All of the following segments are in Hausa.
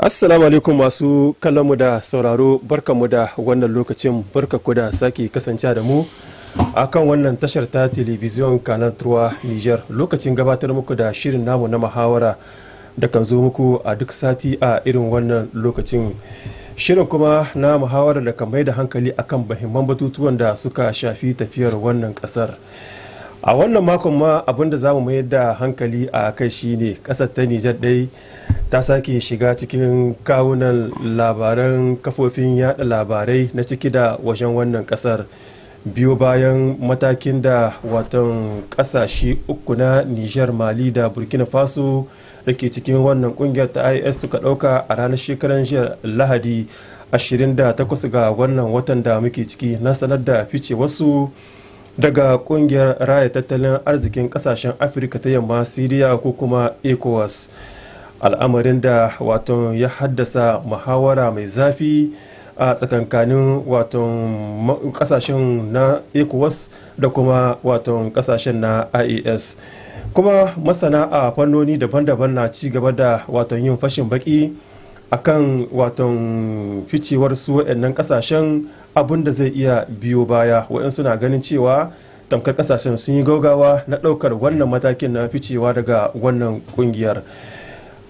assalamu alaikum masu mu da sauraro mu da wannan lokacin barkaku da sake kasance da mu a kan wannan tashar ta telebiziyon kanan turwa niger lokacin gabatar muku da shirin namu na muhawara da kan zo muku a duk sati a irin wannan lokacin shirin kuma na muhawara da kan mai da hankali akan bahimman batutuwan da suka shafi tafiyar wannan kasar a wannan makon ma abinda za mu mayar da hankali a kai shine kasar ta nijar dai ta sake shiga cikin kawunan labaran kafofin yada labarai na ciki da wajen wannan kasar biyu bayan matakin da watan kasashe uku na niger mali da burkina faso da ke cikin wannan kungiyar ta is suka dauka a ranar shekaran jiya lahadi 28 ga wannan watan da muke ciki na sanar da fice wasu daga kungiyar raya tattalin arzikin kasashen afirka ta yamma siriya ko kuma ecowas al'amarin da wato ya haddasa muhawara mai zafi a tsakankanin wato kasashen na ecowas da kuma wato kasashen na ies kuma masana a fannoni daban-daban na ci gaba da wato yin fashin baki akan waton ficewar su waɗannan kasashen abin da zai iya biyo baya waɗansu suna ganin cewa tamkar kasashen sun yi gaugawa na ɗaukar wannan matakin na ficewa daga wannan ƙungiyar.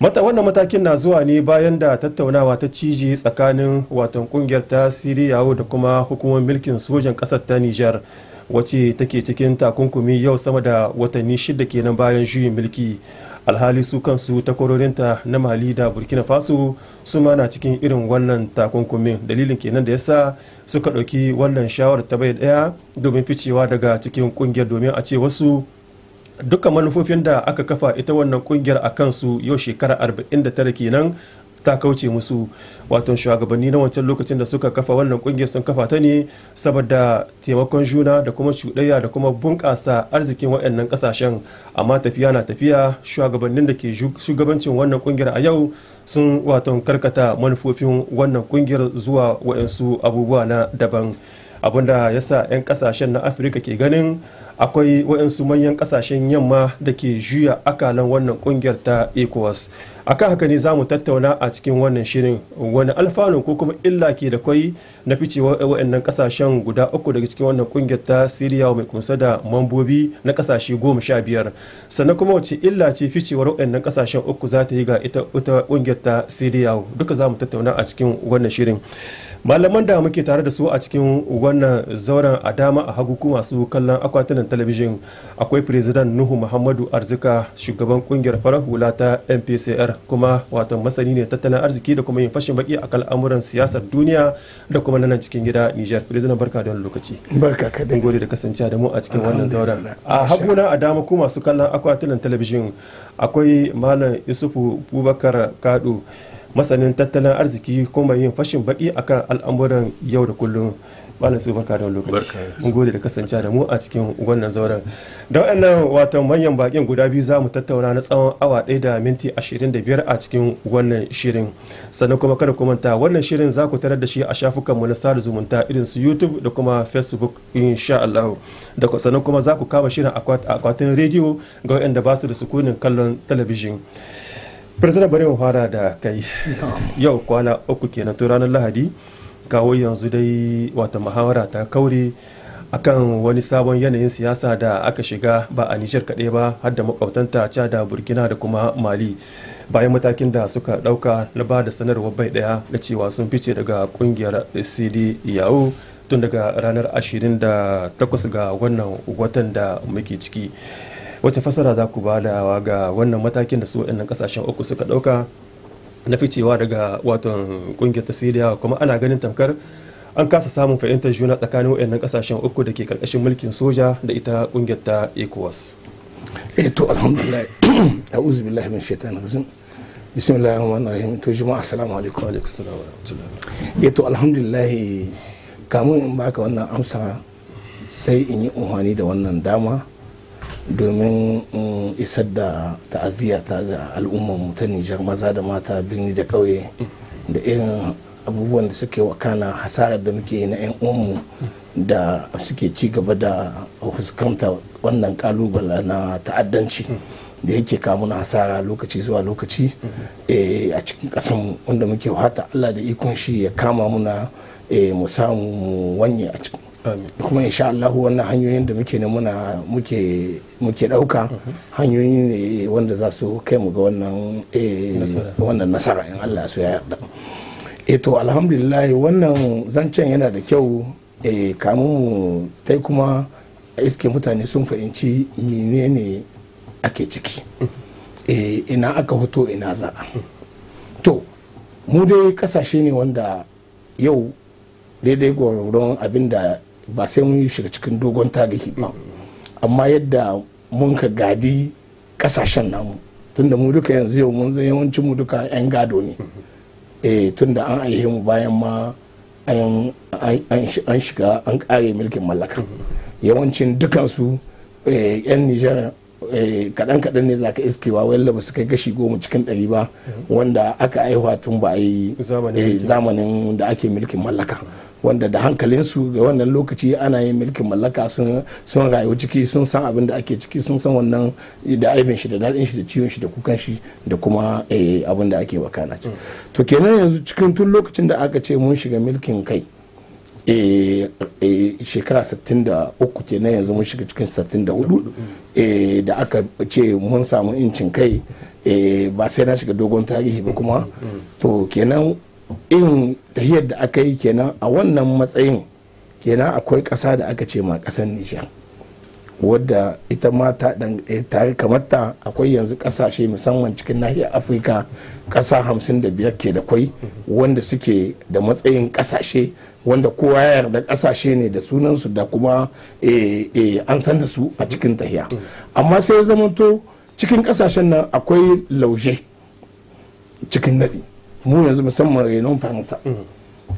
mata wannan matakin na zuwa ne bayan da tattaunawa ta cije tsakanin watan kungiyar ta siriyawo da kuma hukumar milkin sojan kasar ta nijar wacce take cikin takunkumi yau sama da watanni shida kenan bayan juyin milki alhali su kansu takwarorinta na mali da burkina faso su ma na cikin irin wannan takunkumin dalilin kenan da yasa suka ɗauki wannan shawarar ta bai ɗaya domin ficewa daga cikin kungiyar domin a ce wasu duka manufofin da aka kafa ita wannan kungiyar a kansu yau shekara 49 kenan ta kauce musu wato shugabanni na wancan lokacin da suka kafa wannan kungiyar sun kafa ta ne saboda taimakon juna da kuma cuɗayya da kuma bunƙasa arzikin waɗannan ƙasashen amma tafiya na tafiya shugabannin da ke shugabancin wannan kungiyar a yau sun wato karkata manufofin wannan kungiyar zuwa waɗansu abubuwa na daban abinda yasa 'yan ƙasashen na afirka ke ganin akwai waɗansu manyan ƙasashen yamma da ke juya akalan wannan ƙungiyar ta ecowas akan haka ne za mu tattauna a cikin wannan shirin wani alfanu ko kuma illa ke da kwai na ficewa waɗannan ƙasashen guda uku daga cikin wannan ƙungiyar ta siriya mai kunsa da mambobi na ƙasashe goma sha biyar sannan kuma wace illa ce ficewar waɗannan ƙasashen uku za ta yi ga ita ƙungiyar ta siriya duka za mu tattauna a cikin wannan shirin malaman da muke tare da su a cikin wannan zauren a dama a hagu kuma su kallon akwatunan talabijin akwai firizidan nuhu muhammadu arzika shugaban kungiyar farar hula ta mpcr kuma wato masani ne tattalin arziki da kuma yin fashin baki a al'amuran siyasar duniya da kuma nan cikin gida niger firizidan barka da lokaci barka da kasance a cikin wannan zauren a na a dama ku masu kallon akwatunan talabijin akwai malam isufu bubakar kadu. masanin tattalin arziki kuma yin fashin baki akan al'amuran yau da kullum malam su barka da lokaci gode da kasance da mu a cikin wannan zauren da waɗannan watan manyan bakin guda biyu za mu tattauna na tsawon awa ɗaya da minti ashirin biyar a cikin wannan shirin sannan kuma kada ku manta wannan shirin za ku tarar da shi a shafukanmu na sada zumunta irin su youtube da kuma facebook insha Allah da sannan kuma za ku kama shirin akwatin rediyo ga wanda ba su da sukunin kallon talabijin. Firzina bari mu fara da kai. Yau kwana uku kenan to ranar Lahadi kawo yanzu dai wata muhawara ta kauri akan wani sabon yanayin siyasa da aka shiga ba a Nijar kaɗai ba har da makwabtanta ca da Burkina da kuma Mali. Bayan matakin da suka ɗauka na ba da sanarwar bai ɗaya na cewa sun fice daga ƙungiyar CD yau tun daga ranar 28 ga wannan watan da muke ciki. wacce fasara za ku badawa ga wannan matakin da su waɗannan kasashen uku suka ɗauka na ficewa daga watan kungiyar ta siriya kuma ana ganin tamkar an kasa samun fahimtar juna tsakanin waɗannan kasashen uku da ke karkashin mulkin soja da ita kungiyar ta ecowas eh to alhamdulillah a'udhu billahi min shaitanir rajim bismillahir rahmanir rahim to jama'a assalamu alaikum wa alaikum assalam wa rahmatullah eh to alhamdulillah kamun in baka wannan amsa sai in yi unhwani da wannan dama domin mm, isar da ta'aziyya ta ga al'ummar ta nijar maza da mata birni da kauye da irin abubuwan da suke wakana hasarar da muke na 'yan uwanmu da suke ci gaba da fuskanta wannan kalubala na ta'addanci da yake na hasara lokaci zuwa lokaci eh, a cikin kasanmu wanda muke hata allah da ikon shi ya kama muna eh, mu samu wanye a cikin kuma insha Allah wannan hanyoyin da muke muna muke muke dauka hanyoyi ne wanda za su kai mu ga wannan eh, wannan nasara in Allah su ya yarda eh to alhamdulillah wannan zancen yana da kyau eh kamun tai kuma iske mutane sun fahimci menene ake ciki eh ina aka hoto ina za to mu dai kasashe ne wanda yau daidai gwargwaron abinda. ba sai mun yi shiga cikin dogon tarihi ba amma yadda mun ka gadi kasashen namu tunda mu duka yanzu yau mun zai yawancin mu duka 'yan gado ne eh, tunda an aihe mu bayan ma an shiga an kare mulkin mallaka yawancin dukansu 'yan eh, nijar eh, kaɗan kaɗan ne zaka iskewa wanda ba su kai gashi goma cikin ɗari ba wanda aka aihuwa tun ba a yi zamanin da ake mulkin mallaka wanda da hankalinsu ga wannan lokaci ana yin mulkin mallaka sun rayu ciki sun san abin da ake ciki sun san wannan da aibin shi da daɗin shi da ciwon shi da kukan shi da kuma eh, abin da ake bakana ci to kenan yanzu cikin tun lokacin da aka ce mun shiga mulkin kai eh, eh, shekara 63 kenan yanzu mun shiga cikin 64 da aka ce mun samu incin kai ba sai na shiga dogon tarihi ba kuma to kenan in tahiyar da aka yi kenan a wannan matsayin kenan akwai ƙasa da aka ce ma ƙasar nijar wadda ita ma ta eh, tare kamar ta akwai yanzu ƙasashe musamman cikin nahiyar afirka ƙasa hamsin da biyar ke da kwai wanda suke da matsayin ƙasashe wanda kowa ya yarda ƙasashe ne da sunansu da kuma eh, eh, an san da su a cikin tahiya amma sai ya zamanto cikin ƙasashen nan akwai lauje cikin nadi. mu yanzu musamman renon faransa mm.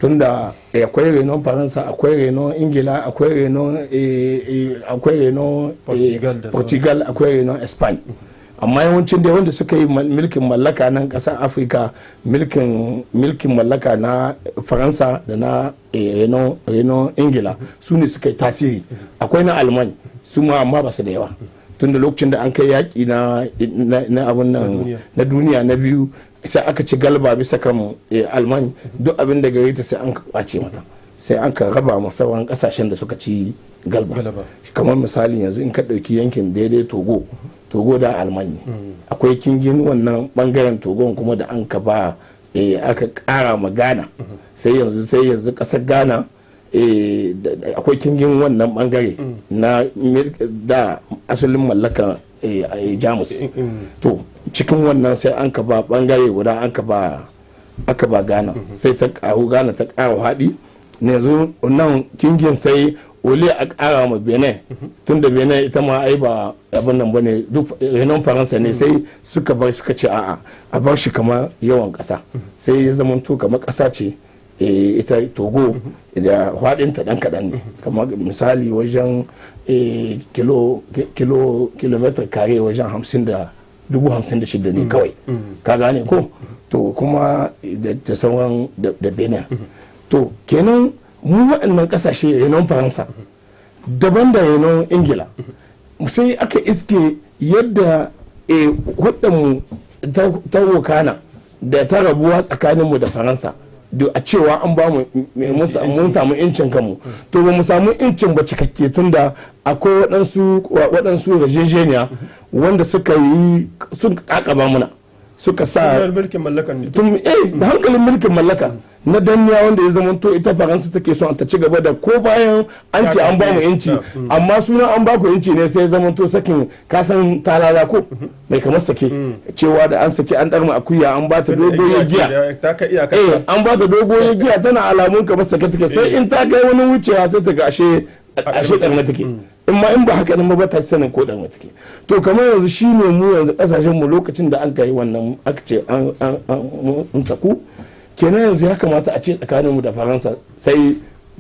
tunda eh, akwai renon faransa akwai renon ingila akwai renon eh, eh, portugal akwai renon spain mm. amma yawancin da wanda suka yi milkin mallaka nan kasar afirka milkin mallaka na faransa da na renon ingila su ne suka yi tasiri akwai na alman su ma amma ba su da yawa mm. tunda lokacin da an kai yaƙi na abin na duniya na biyu sai aka ci galba bisa kan eh, alman duk abin da gare ta sai an kwace mata sai an ka raba ma sauran kasashen da suka ci galba kamar misali yanzu in ka ɗauki yankin daidai togo togo da almani akwai kingin wannan bangaren togo kuma da an ka ba eh, aka kara ma gana sai yanzu sai yanzu kasar ghana eh, akwai kingin wannan bangare mm. na da asalin mallakan Eh, eh, jamus mm, mm, mm. to cikin wannan sai an ka ba bangare guda an ka ba aka ba ghana mm-hmm. sai ta karu ghana ta kara haɗi ne yanzu nan kingin sai ole a kara ma bene mm-hmm. tun da bene ita ma ai ba abin nan bane duk renon faransa ne mm-hmm. sai suka bar suka ce a'a a bar shi kamar yawan ƙasa sai ya zama to kamar ƙasa ce E, ita togo da faɗinta ɗan kaɗan ne kamar misali wajen e, kilometer kare wajen hamsin da dubu hamsin da shida ne kawai mm-hmm. Mm-hmm. ka gane ko mm-hmm. to kuma da sauran da benin to kenan mu waɗannan ƙasashe renon faransa daban da renon ingila sai aka iske yadda hudunmu e, ta wokana da ta rabuwa tsakaninmu da faransa a cewa an ba mu samu incin kanmu to ba mu samu incin ba cikakke tunda akwai waɗansu rajejeniya mm-hmm. wanda suka yi sun kakaba muna suka sa eh, da hankalin mulkin mallaka na danniya wanda ya zamanto ita faransa take so ta ci gaba da ko bayan an ce an bamu yanci mm. amma suna an baku yanci ne sai zamanto sakin kasan talala ko mm-hmm. mai kamar sake mm. cewa da an sake an darma akuya an ba ta dogo ya giya an ba ta dogo ya giya tana alamun kamar sake take sai eh. in ta kai wani wucewa sai ta ga ashe ashe ɗan take in ma in ba haka nan ba ta sanin ko ɗan take to kamar yanzu shi ne mu yanzu ƙasashen mu lokacin da an kai wannan aka ce an saku kenan yanzu ya kamata a ce tsakaninmu da faransa sai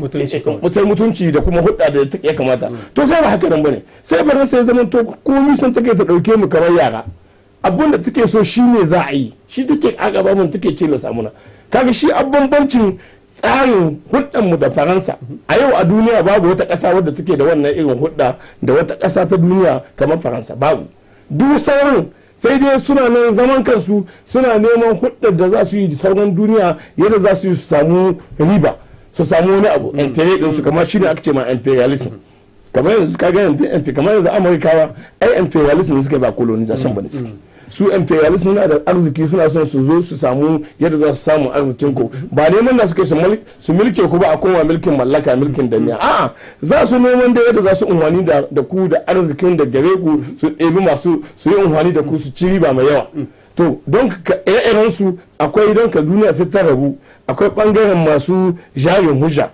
eh, eh, sai mutunci da kuma hudda da ya kamata mm. to sai ba haka nan bane sai faransa ya zama to komi sun take ta dauke mu kamar yara abin da take so shine za a yi shi take a gaba mun take ce la samuna kaga shi abban bancin tsarin mu da faransa a yau a duniya babu wata kasa wadda take da wannan irin hudda da wata kasa ta duniya kamar faransa babu duk sauran sai dai suna nan zaman kansu suna neman hudar da za su yi sauran duniya yadda za su yi su samu riba su samu wani abu entere hmm. din su kamar shine aka ce ma imperialism kamar yanzu kaga kamar yanzu amurkawa ai imperialism suka ba colonization hmm. ne suke hmm. su imperialist suna da arziki suna son su zo su samu yadda za su samu arzikin ku ba neman da suke su milke ku ba a koma milkin mallaka milkin danniya a'a za su neman da yadda za su unhwani da ku da arzikin da gare ku su ɗebi masu su yi unhwani da ku su ci riba mai yawa to don ka su akwai idan ka duniya sai ta rabu akwai bangaren masu jayin hujja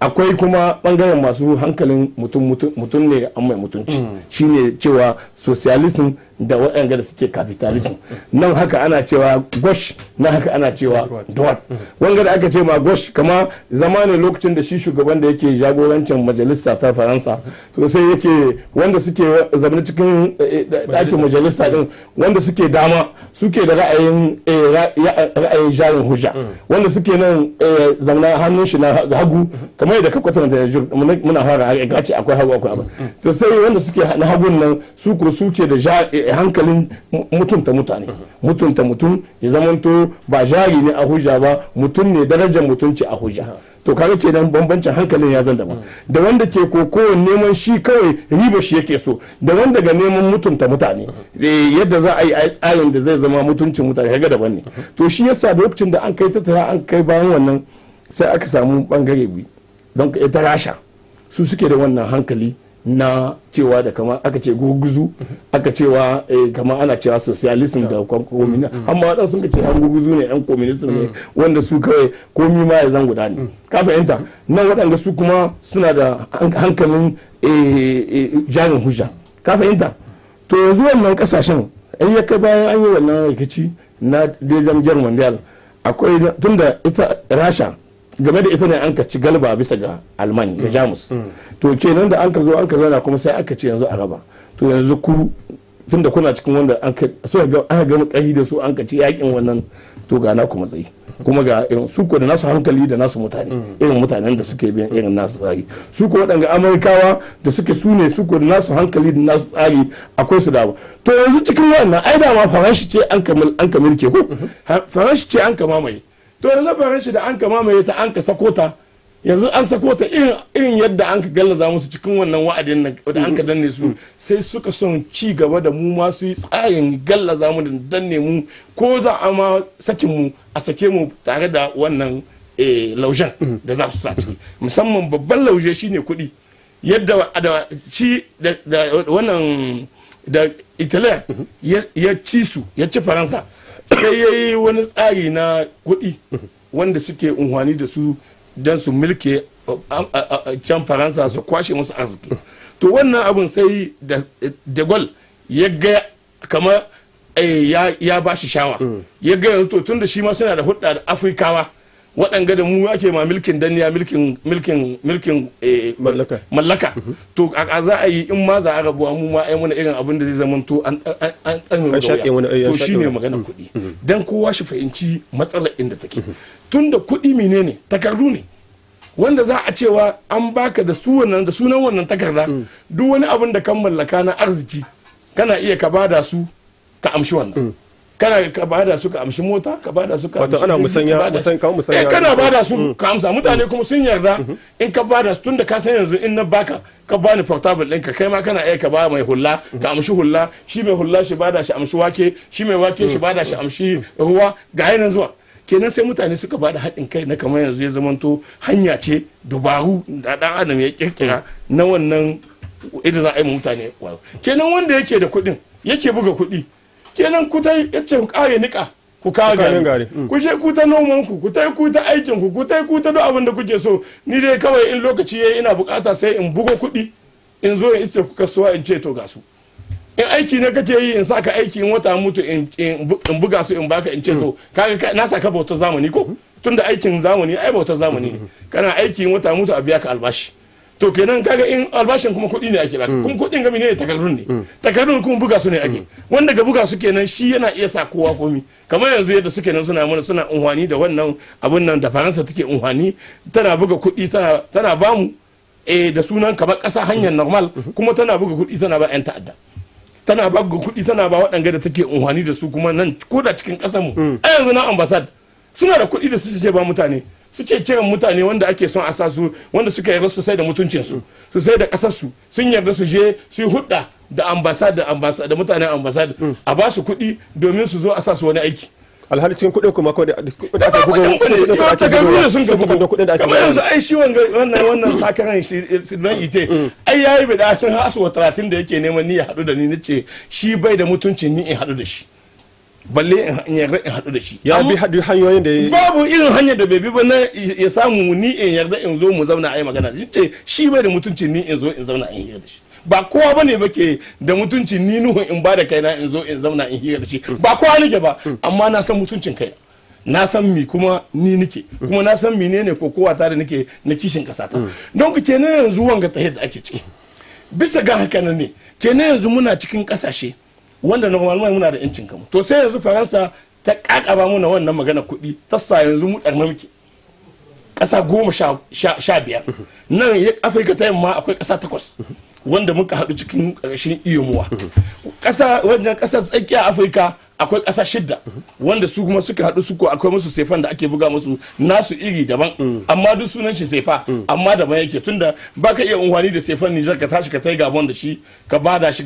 akwai kuma bangaren masu hankalin mutum ne an mai mutunci mm. shine cewa socialism da waɗanda da suke capitalism nan haka ana cewa gosh nan haka ana cewa duwat mm. wanga da aka ce ma gosh kama zama ne lokacin da shi shugaban da yake jagorancin majalisa ta faransa to sai yake wanda suke zaune cikin eh, eh, ɗakin majalisa din wanda suke dama suke da ra'ayin eh, ra'ayin jarin hujja mm. wanda suke nan eh, zanna hannun shi na hagu kamar yadda ka kwatanta muna fara gaci akwai hagu akwai abin mm. to sai wanda suke na hagun nan su kuma su ce da eh, hankalin mutunta mutane mm. mutunta mutum ya zamanto ba jari ne a hujja ba mutum ne darajar mutunci a hujja to kaga kenan bambancin hankalin ya zan da wanda ke koko neman shi kawai riba shi yake so da wanda ga neman mutunta mutane eh, yadda za a yi a tsarin da zai zama mutuncin mutane kaga daban ne to to shi yasa lokacin da an kai ta tara an kai bayan wannan sai aka samu bangare bi don ka ita rasha su suke da wannan hankali na cewa da kama aka ce gurguzu aka cewa eh, kama ana cewa socialism da communism amma waɗansu sun ce an gurguzu ne yan communism ne wanda su kawai komi ma ya zan guda ne ka fahimta nan waɗanda su kuma suna da hankalin eh, eh, jarin hujja ka fahimta to yanzu wannan kasashen an ya kai bayan an yi wannan rikici na dezen jar mondial akwai da ita rasha game da ita ne an ka ci galba bisa ga alman ga mm. jamus mm. to kenan da an ka zo an ka zana kuma sai aka ce yanzu a raba to yanzu ku da kuna cikin wanda an ka so ga an ga da su an ka ci yakin wannan to ga naku matsayi kuma ga irin su ko da nasu hankali da nasu mutane irin mutanen da suke biyan irin nasu tsari su ko waɗanda amurkawa da suke su ne su ko da nasu hankali da nasu tsari akwai su dama to yanzu cikin wannan ai dama faranshi ce an kamil an kamilke ko faranshi ce an mamaye to yanzu faranshi da an mamaye ta an ka sako ta yanzu an sako ta irin yadda an ka gallaza musu cikin wannan wa'adin nan da an ka danne su mm-hmm. sai suka son ci gaba da mu ma su yi tsayin gallaza mu da danne mu ko za a ma sakin mu a sake mu tare da wannan eh, laushen mm-hmm. da za su sa ciki musamman babban laushe shine kuɗi yadda da ci da wannan da italiya mm-hmm. ya ci su ya ci faransa sai ya yi wani tsari na kuɗi wanda suke unhwani da su don su milke can faransa su kwashe musu arziki to wannan abin sai da gol ya ga kamar eh, ya ba shi shawa mm. ya ga yanzu to tun da shi ma suna da hudda da afirkawa waɗanga da mu ke ma milkin danniya milkin milkin milkin eh, mallaka mhm. to a za a yi in ma za a rabuwa mu ma ai muna irin abin da zai zama to an an eh, to shine magana mhm. kuɗi mhm. dan kowa shi fahimci matsalar inda take tunda kuɗi menene takardu ne wanda za a cewa an baka da su wannan da sunan wannan takarda duk wani abin da kan mallaka na arziki kana iya ka bada su ka amshi wannan kana ka bada su ka amshi mota ka bada su ka amshi ana musanya musan kawo musanya eh kana bada su mm. ka amsa mutane kuma sun yarda mm-hmm. in ka bada su tunda ka san yanzu in na baka ka bani portable ɗinka kai ma kana aika ka ba mai hulla ka mm-hmm. amshi hulla shi mai hulla shi bada shi amshi wake shi mai wake shi mm. bada shi amshi mm. ruwa ga yanzu zuwa kenan sai mutane suka ba da haɗin kai na kamar yanzu ya zamanto hanya ce dubaru da ɗan adam ya kirkira na wannan idan za a yi mutane kenan wanda yake da kuɗin yake buga kuɗi kenan ku ta yace ku kare nika ku kare gari mm. ku je ku ta noman ku ku ta ku ta aikin ku ku ta ku ta duk abin da kuke so ni dai kawai in lokaci yayi ina bukata sai in bugo kuɗi in zo in iske ku kasuwa in ce to ga su in aiki ne kake yi in saka aiki in wata mutu in buga su in baka in ce to mm. kaga na saka bautar zamani ko mm-hmm. tunda aikin zamani ai bautar zamani mm-hmm. kana aiki in wata mutu a biya ka albashi to kenan kaga in albashin kuma kuɗi ne ake ba mm. kuma kuɗin gami ne takardun ne mm. takardun kuma buga su ne ake mm. wanda ga buga su kenan shi yana iya sa kowa komi kamar yanzu yadda suke nan suna mana suna unhwani da wannan abun nan da faransa take unhwani tana buga kuɗi tana tana bamu eh da sunan kamar ƙasa hanyar normal mm-hmm. kuma tana buga kuɗi tana ba 'yan ta'adda tana ba kuɗi tana ba waɗanga da take unhwani da su kuma nan ko da cikin ƙasar mu a yanzu na ambassad suna da kuɗi da suke ba mutane suke kiran mutane wanda ake son a sa su wanda suka yarda su sai da mutuncinsu su sai da ƙasarsu sun yarda su je su yi hudda da ambasada da mutanen ambasada hmm. a ba su kuɗi domin su zo a sa su wani aiki alhali cikin kuɗin kuma ko da aka bugo kuɗin da aka bugo sun ka bugo kuɗin da aka bugo yanzu ai shi wannan wannan sakaran shi nan ite hmm. ai yayi bida sun hasu 30 da yake neman ni ya haɗu da ni nace shi bai da mutuncin ni in haɗu da shi balle in yarda in haɗu da shi ya bi haɗu hanyoyin da babu irin hanyar da bai bi ba na ya samu ni in yarda in zo mu zauna a yi magana shi ce shi bai da mutunci ni in zo in zauna in yarda shi ba kowa bane ke da mutunci ni nuhun in ba da kaina in zo in zauna in hira da shi ba kowa nake ba amma na san mutuncin kai na san mi kuma ni nike kuma na san menene ko kowa tare nake na kishin kasa ta don ku kenan yanzu wanga ta da ake ciki bisa ga haka ne kenan yanzu muna cikin kasashe wanda normalman muna da yancin kamu to sai yanzu faransa ta kakaba muna wannan magana kuɗi ta sa yanzu mu ɗarna muke ƙasa goma sha biyar nan afirka ta yamma akwai ƙasa takwas wanda muka haɗu cikin ƙarshen muwa ƙasa wajen ƙasar tsakiyar afirka akwai ƙasa shidda wanda su kuma suka haɗu suko akwai musu sefan da ake buga musu nasu iri daban amma duk sunan shi sefa amma daban yake tunda ba ka iya unhwani da sefan Nijar ka tashi ka tai gabon da shi ka bada shi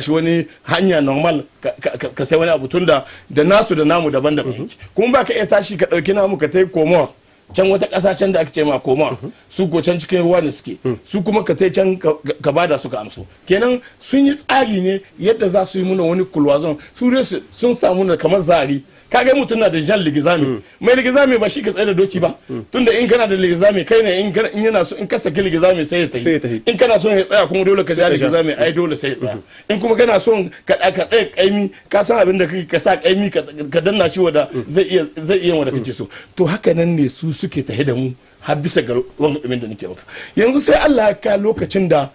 shi wani hanya normal ka sai wani abu tunda da nasu da namu daban daban kuma ba ka iya tashi ka ɗauki namu ka tai komowa can wata ƙasa can da ake ce ma koma su ko can cikin ruwa ne suke su kuma ka tai can ka bada su ka amsu kenan sun yi tsari ne yadda za su yi muna wani kulwazon su sun samu na kamar zari kaga mutum na da jan ligizami mai ligizami ba shi ka tsaye da doki ba tunda in kana da ligizami kai ne in yana so in ka saki ligizami sai ya tafi in kana so ya tsaya kuma dole ka ja ligizami ai dole sai ya tsaya mm-hmm. in kuma kana so ka ka tsaya kaimi ka san abin da kake ka sa kaimi ka danna shi wada mm. zai iya zai iya wanda kake so to haka nan ne su suke tahe da mu har bisa ga wanga ɗumin da nake maka yanzu sai Allah ya ka lokacin da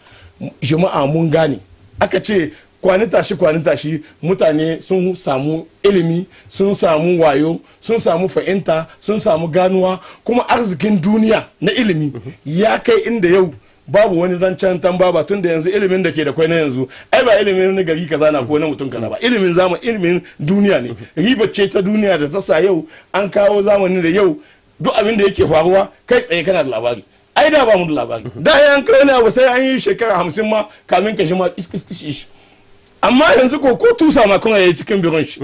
jama'a mun gane aka ce kwani tashi kwani tashi mutane sun samu ilimi sun samu wayo sun samu fahimta sun samu ganuwa kuma arzikin duniya na ilimi ya kai inda yau babu wani zancen ba tun da yanzu ilimin da ke da kwai na yanzu ai ba ilimin na gari kaza na ko na mutum kaza ba ilimin zamani ilimin duniya ne riba ce ta duniya da ta sa yau an kawo zamani da yau duk abin da yake faruwa kai tsaye kana da labari ai da ba mu da labari da yan kai ne sai an yi shekara hamsin ma kamin ka shi ma iskiskishi shi amma yanzu ko ko tusa ma kuma yayi cikin biron shi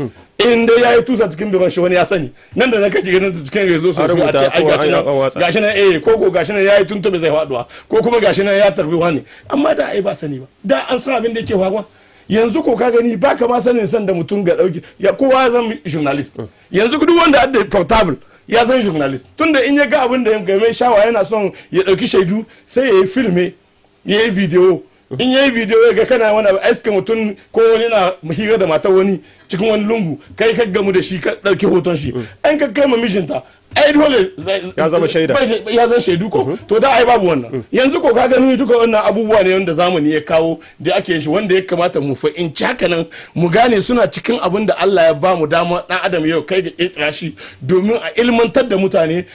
in dai yayi tusa cikin biron shi wani ya sani nan da na kaji ganin cikin rezo sai a ce ai gashi nan gashi nan eh ko ko gashi nan yayi tuntube zai faduwa ko kuma gashi nan ya tarbi wani amma da ai ba sani ba da an san abin da yake faruwa yanzu ko ka gani ba ka ma sanin san da mutum ga dauki ya kowa zan journalist yanzu duk wanda da portable ya zan journalist tunda in ya ga abin da ya game shawa yana son ya dauki shaidu sai ya yi filme ya yi video in ya yi video ya ga kana wani aska mutum ko wani na hira da matar wani cikin wani lungu kai ka gamu da shi ka dauki hoton shi an mm. ka kai ma mijinta ai dole ya zama shaida ya zama shaidu ko mhm. to da ai babu wannan mm. yanzu ko ka gani duka wannan abubuwa ne wanda zamani ya kawo da ake shi wanda ya kamata mu fa'inci chaka nan mu gane suna cikin abin da Allah ya ba mu dama dan adam yau kai ga kirkira shi domin a ilmantar da mutane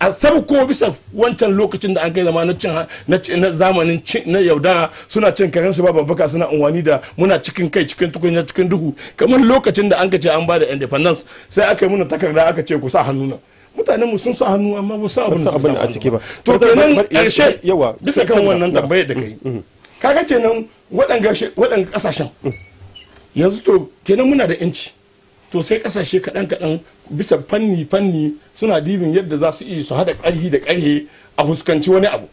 a sabko bisa wancan lokacin da an kai zama na cin na zamanin na yaudara suna cin karen su ba babbaka suna unwani da muna cikin kai cikin tukunya cikin duhu kamar lokacin da an ka ce an ba da independence sai aka yi muna takarda aka ce ku sa hannu na mutanen mu sun sa hannu amma ba sa abin da a ciki ba to kenan karshe yawa bisa kan wannan tambaye da kai mm, mm, mm. kaga kenan waɗanga wadan kasashen yanzu to kenan muna da yanci to sai kasashe kaɗan kaɗan bisa fanni fanni suna dibin yadda za su iya su hada ƙarhi da ƙarhe a huskanci wani abu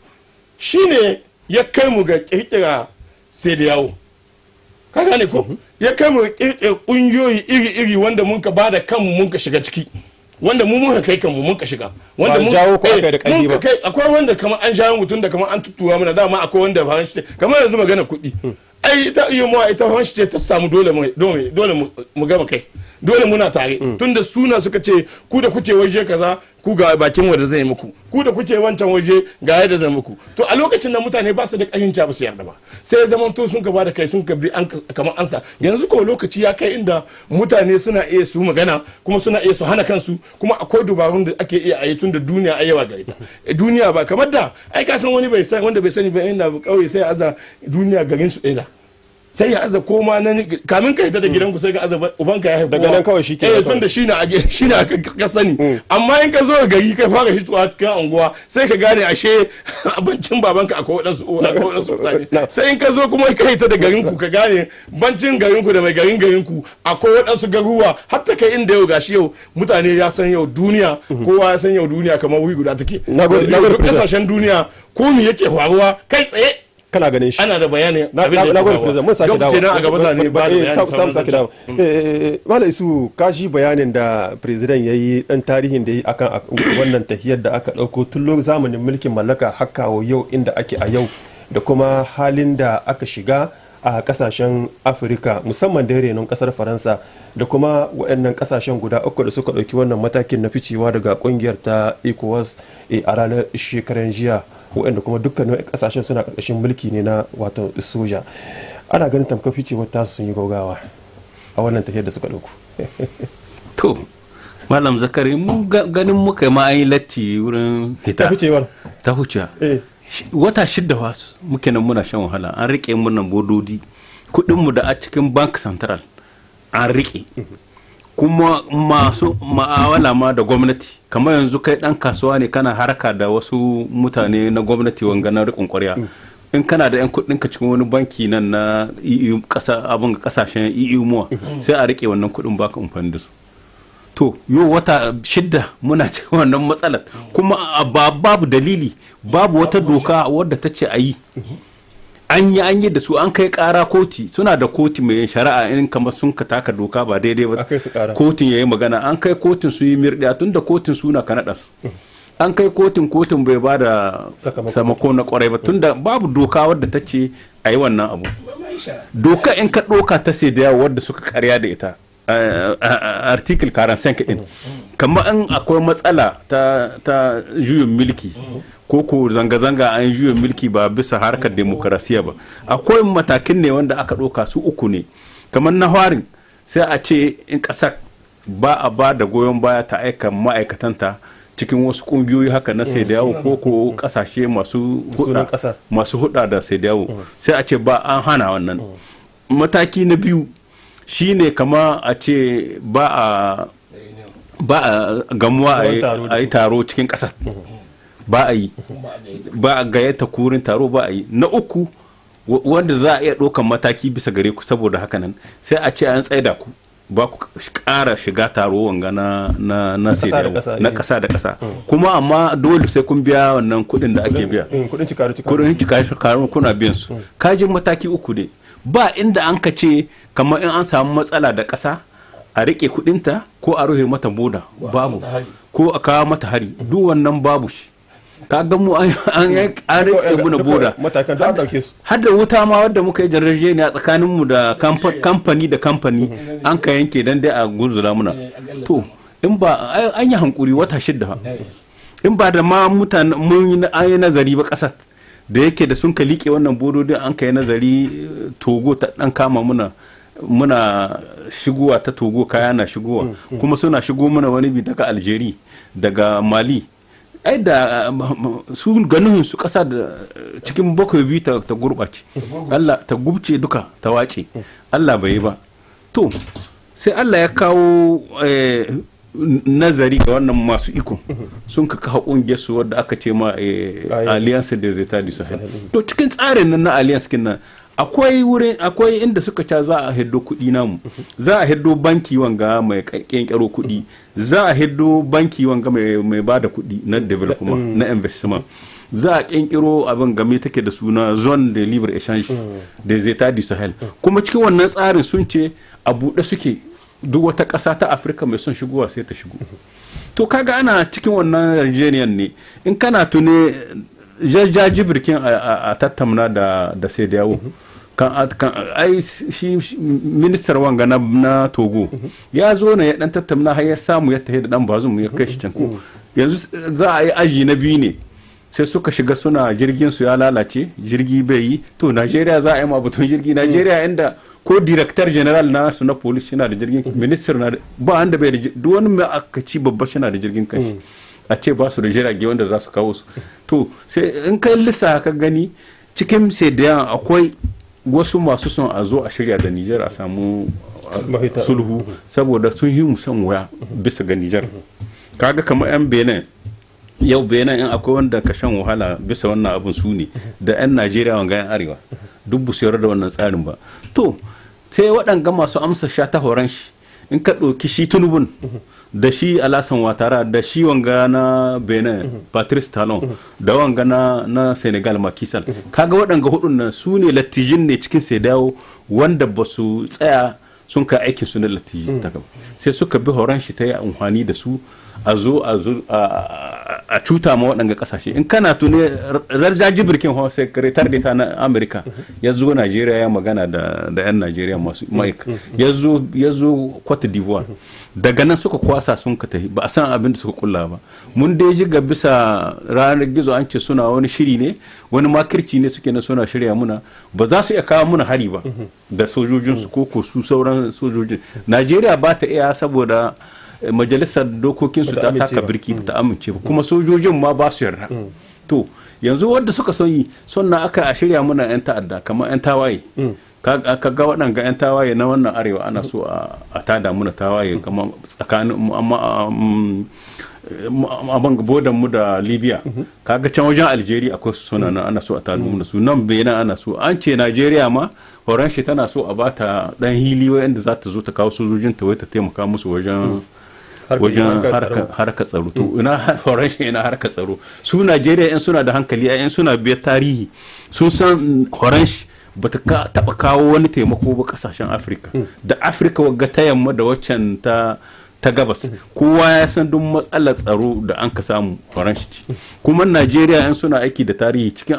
shine ya kai mu ga ƙirƙira sai da yawo ka gane ko mm-hmm. ya kai mu ga kirkira ƙungiyoyi iri-iri wanda mun ka ba da kanmu mun ka shiga ciki wanda mu muka kai kanmu mun ka wanda mu jawo ko eh, aka da kalli ba akwai wanda kamar an jawo mutum da kamar an tuttura mana dama akwai wanda ba shi kamar yanzu magana kuɗi ai ita iya mu ita ba shi ta samu dole mu dole mu gama kai dole muna tare mm. tunda suna suka ce ku da kuke waje kaza ku ga bakin wanda zai muku ku da kuke wancan waje ga yadda zai muku to a lokacin da mutane ba su da kahinci ba su yarda ba sai ya zama to sun ka bada kai sun ka bi an kamar ansa yanzu ko lokaci ya kai inda mutane suna iya su magana kuma suna iya su hana kansu kuma akwai dubarun da ake iya ayi tun da duniya a yawa ga ita eh, duniya ba kamar da ai ka san wani bai san wanda bai sani ba inda kauye sai aza duniya garin su ɗaya sai ya aza koma nan kamin ka hita da gidanku sai ka aza uban ka ya haifu daga nan kawai shi ke eh tunda shine a shine a ka sani mm. amma in ka zo gari kai fara hituwa cikin anguwa sai ka gane ashe abincin babanka akwai wadansu akwai wadansu mutane sai in ka zo kuma ka ta da garin ku ka gane bancin garin ku da mai garin garin ku akwai wadansu har hatta kai inda yau gashi yau mutane ya san yau duniya mm-hmm. kowa ya san yau duniya kamar wuri guda take na gode kasashen duniya ko me yake faruwa kai tsaye kana ganin shi ana da bayani abin da ya kawo mun sake dawo kenan a gaba ne ba da eh, bayani sam sake dawo eh, eh, malam isu kashi bayanin da president yayi dan tarihin da ya yi akan wannan tahiyar da aka dauko tun lokacin zamanin mulkin mallaka hakkawo yau inda ake a yau da kuma halin da aka shiga a kasashen afirka musamman da renon kasar faransa da kuma waɗannan kasashen guda uku da suka ɗauki wannan matakin na ficewa daga ƙungiyar ta ecowas a ranar shekaran jiya waɗanda kuma dukkanin kasashen suna ƙarƙashin mulki ne na wato soja ana ganin tamkar ficewar wata sun yi gaugawa a wannan tafiyar da suka ɗauku to malam zakari mun ganin muka ma an yi latti wurin ta ficewar eh. wata shidda wa muke nan muna shan wahala an riƙe mu nan bododi mu da a cikin bank central an riƙe mhm. kuma masu ma'awala ma da gwamnati kamar yanzu kai dan kasuwa ne kana haraka da wasu mutane na gwamnati wanga na rikon kwarya mm. in kana da 'yan kudin ka cikin wani banki nan na EU kasa abin kasashen iu e muwa mm. sai a rike wannan kudin baka amfani da su to yo wata shidda muna cikin wannan matsalar kuma babu dalili babu wata doka wadda ta ce a yi mm-hmm. an yi an yi da su an kai kara koti suna da koti mai shari'a in kamar sun ka taka doka ba daidai ba kotin ya yi magana an kai kotin su yi mirɗiya tun da kotin suna kanaɗa su an kai kotin kotin bai ba da samako na kwarai ba tun da babu doka wadda ta ce a yi wannan abu doka in ka doka ta sai da yawa wadda suka karya da ita Eh, eh, article 45 din kamar an akwai matsala ta juyin mulki ko ko zanga-zanga an juyin mulki ba bisa harkar demokarasiya ba akwai matakin ne wanda aka ɗauka su uku ne kamar na harin sai a ce in ƙasar ba a ba da goyon baya ta aika ma'aikatanta cikin wasu ƙungiyoyi haka na sai da yawo ko ko kasashe masu hudu da sai da yawo sai a ce ba an hana wannan mataki na biyu shi ne kama a ce ba a ba a gamuwa a yi taro cikin ƙasa. ba a yi ba a gayyata kurin taro ba a yi na uku wanda za a iya ɗaukan mataki bisa gare ku saboda haka nan sai a ce an tsaida ku ba ku ƙara shiga taro wanga na na na na ƙasa eh. da ƙasa hmm. kuma amma dole sai kun biya wannan kuɗin da ake biya hmm, kuɗin cikaru cikaru kuna biyan su hmm. kajin mataki uku ne ba inda an ka ce kamar in an samu matsala da ƙasa a riƙe kuɗinta ko a rufe mata boda babu ko a kawo mata hari duk wannan babu shi ka ga mu an riƙe muna boda har da wuta ma wadda muka yi jarrajeniya tsakanin mu da kamfani da kamfani an ka yanke dan dai a gurzula muna to in ba an yi hankuri wata shidda in ba da ma mutane mun yi nazari ba ƙasa. da yake da sun ka liƙe wannan bododin an ka yi nazari togo ta ɗan kama muna muna shigowa ta togo kaya na shigowa mm, mm. kuma suna shigo muna wani bi daga aljeri daga mali ai da um, um, su ganin su ƙasa da cikin bakwai biyu ta gurɓace allah ta gubce duka ta wace mm. allah bai yi ba to sai allah ya kawo eh, nazari ga wannan masu iko sun ka kawo su wadda aka ce ma eh, alliance des états du sahel to cikin tsarin nan na alliance kin nan akwai wurin akwai inda suka ca za a hiddo kuɗi namu za a hiddo banki wanga mai kenkero kuɗi za a hiddo banki wanga mai ba da kuɗi na development mm. na investment za a kenkiro abin game take da suna zone de libre échange mm. des états du sahel kuma cikin wannan tsarin sun ce a buɗe suke duk wata ƙasa ta afirka mai son shigowa sai ta shigo to kaga ana cikin wannan yarjejeniyar ne in kana tuni jajja birkin a tattamna da da sai da yawo kan ai shi ministar wanga na togo ya zo ne ya dan tattamna har ya samu ya tafi da dan ya kai shi can yanzu za a yi aji na biyu ne sai suka shiga suna jirgin su ya lalace jirgi bai yi to najeriya za a yi ma batun jirgi najeriya inda ko director general na su na police yana da jirgin minister na ba wanda bai da wani mai aka ci babba yana da jirgin kai. Mm. a ce ba su da jirage wanda za su kawo su to sai in kai lissa ka gani cikin sai da yawa akwai wasu masu son a zo a shirya da Nijar a samu sulhu saboda sun yi musan waya mm-hmm. bisa ga Nijar mm-hmm. kaga kamar yan Benin yau benin in akwai wanda ka shan wahala bisa wannan abin su ne da 'yan najeriya wanga 'yan arewa duk bu su da wannan tsarin ba to sai waɗanga masu amsa sha ta horon shi in ka ɗauki shi tunubun da shi alasan watara da shi wanga na benin patrice talon da wanga na, senegal makisal kaga waɗanga hudun nan su ne latijin ne cikin sai dawo wanda ba su tsaya sun ka aikin su na latijin ta gaba sai suka bi horon shi ta yi amfani da su a zo a a cuta ma waɗanga ƙasashe in kana tuni rarja jibirkin hawa sekretar da na amurka ya zo najeriya ya magana da 'yan najeriya masu mike ya zo cote d'ivoire daga nan suka kwasa sun ka ba a san abin da suka kulla ba mun dai ji ga bisa ranar gizo an ce suna wani shiri ne wani makirci ne suke na suna shirya muna ba za su iya kawo muna hari ba da sojojinsu ko ko su sauran sojojin najeriya ba ta iya saboda majalisar dokokinsu ta taka birki ta hmm. amince ba kuma sojojin ma ba su yarda hmm. to yanzu wanda suka son yi sannan aka shirya muna 'yan ta'adda kamar 'yan tawaye hmm. ka ga waɗanga 'yan tawaye na wannan arewa ana so a tada muna tawaye kamar tsakanin amman bodan mu da libya ga can wajen algeria akwai su suna ana so a tada muna su nan benin ana so an ce nigeria ma horon shi tana so a bata dan hili wanda za ta zo ta kawo sojojin ta wai ta taimaka musu wajen wajen harka tsaro to mm. ina horon shi ina harka tsaro su najeriya yan suna da hankali yan suna biyar tarihi sun san horon shi ba ta taba kawo wani taimako ba kasashen afirka mm. da afirka wagga ta yamma da waccan ta ta gabas mm. kowa ya san duk matsalar tsaro da an ka samu faranshi kuma najeriya yan suna aiki da tarihi cikin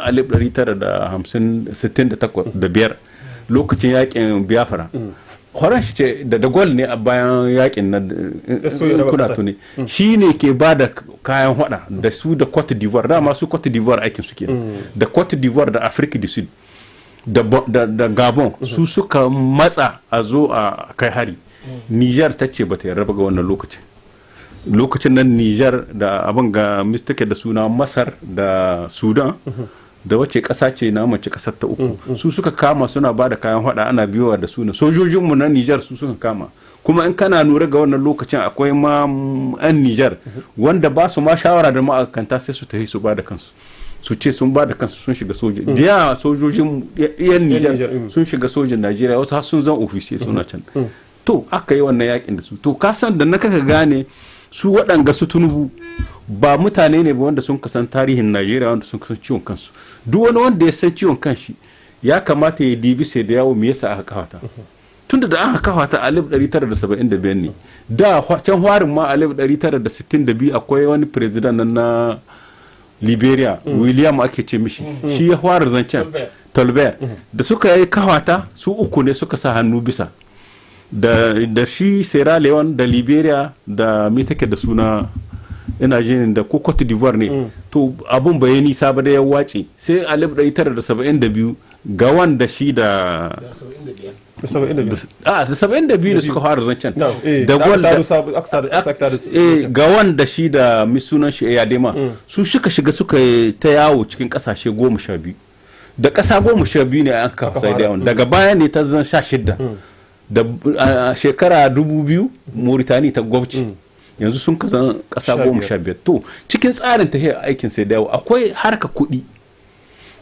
biyar. lokacin yakin biafra horon ce da dagwal ne a bayan yakin na kuna tuni shi ne ke ba da kayan hada da su da cote d'ivoire dama su cote d'ivoire aikin suke mm. da cote d'ivoire da afrika du sud da gabon mm-hmm. su suka matsa a zo a kai hari mm. niger ta ce ba ta yarda ga wannan lokacin lokacin nan niger da abin ga mistake da suna masar da sudan mm-hmm. da wace kasa ce na mace kasar ta uku mm, mm. su suka kama suna ba da kayan hada ana biyowa da suna sojojinmu na Nijar su suka kama kuma in kana nura ga wannan lokacin akwai ma an Nijar wanda ba su ma shawara da ma'aikanta sai su tafi su ba da kansu su ce sun ba da kansu sun shiga soja mm. da sojojin yan Nijar sun shiga sojin Najeriya wasu sun zan ofishe suna can to aka yi wannan yakin da su to kasan da na kaka gane su waɗanga su tunubu ba mutane ne ba wanda sun kasan tarihin najeriya wanda sun kasan ciwon kansu duk wani wanda ya san ciwon kanshi ya kamata ya dibi sai da yawo me yasa aka kawata tunda da aka kawata a 1975 ne da can warin ma a 1962 akwai wani president na liberia william ake ce mishi shi ya fara zancen tolbert mm-hmm. da suka yi kawata su uku ne suka sa hannu bisa da shi sierra leone da liberia da mai take da suna ina jin da ko cote d'ivoire ne mm. to abun bai nisa ba da ya wace sai a 1972 ga wanda shi da a da saba'in da biyu da suka fara zancen eh, da gol da eh, ga wanda shi da misunan shi ya dema mm. su suka shiga suka ta yawo cikin kasashe goma sha biyu da kasa goma sha biyu ne an kafa sai da yawon daga baya ne ta zan sha shidda mm. da shekara dubu biyu mauritani ta gwabci yanzu sun kasa kasa goma sha biyar to cikin tsarin tahiyar aikin sai dawo akwai harka kuɗi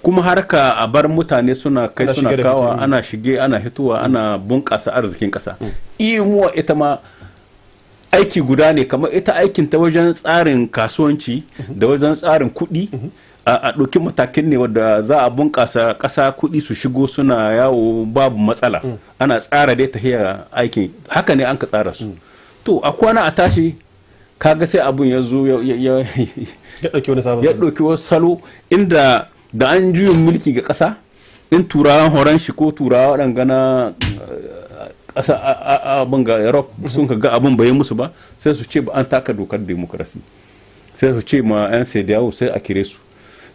kuma harka a bar mutane suna kai suna kawa ana shige ana hitowa ana bunƙasa arzikin ƙasa imuwa ita ma aiki guda ne kamar ita aikin ta wajen tsarin kasuwanci da wajen tsarin kuɗi a ɗauki matakin ne wadda za a bunƙasa ƙasa kuɗi su shigo suna yawo babu matsala mm. ana tsara dai tahiya aikin haka ne an ka tsara su mm. to a kwana a tashi kaga sai abun ya zo ya ɗauki wani salo inda da an juyin mulki ga ƙasa in turawan horon shi ko turawa waɗanga na eh, ƙasa abin ga europe sun ga abin bai musu ba sai su ce ba an taka dokar demokrasi sai su ce ma 'yan sai sai a kire su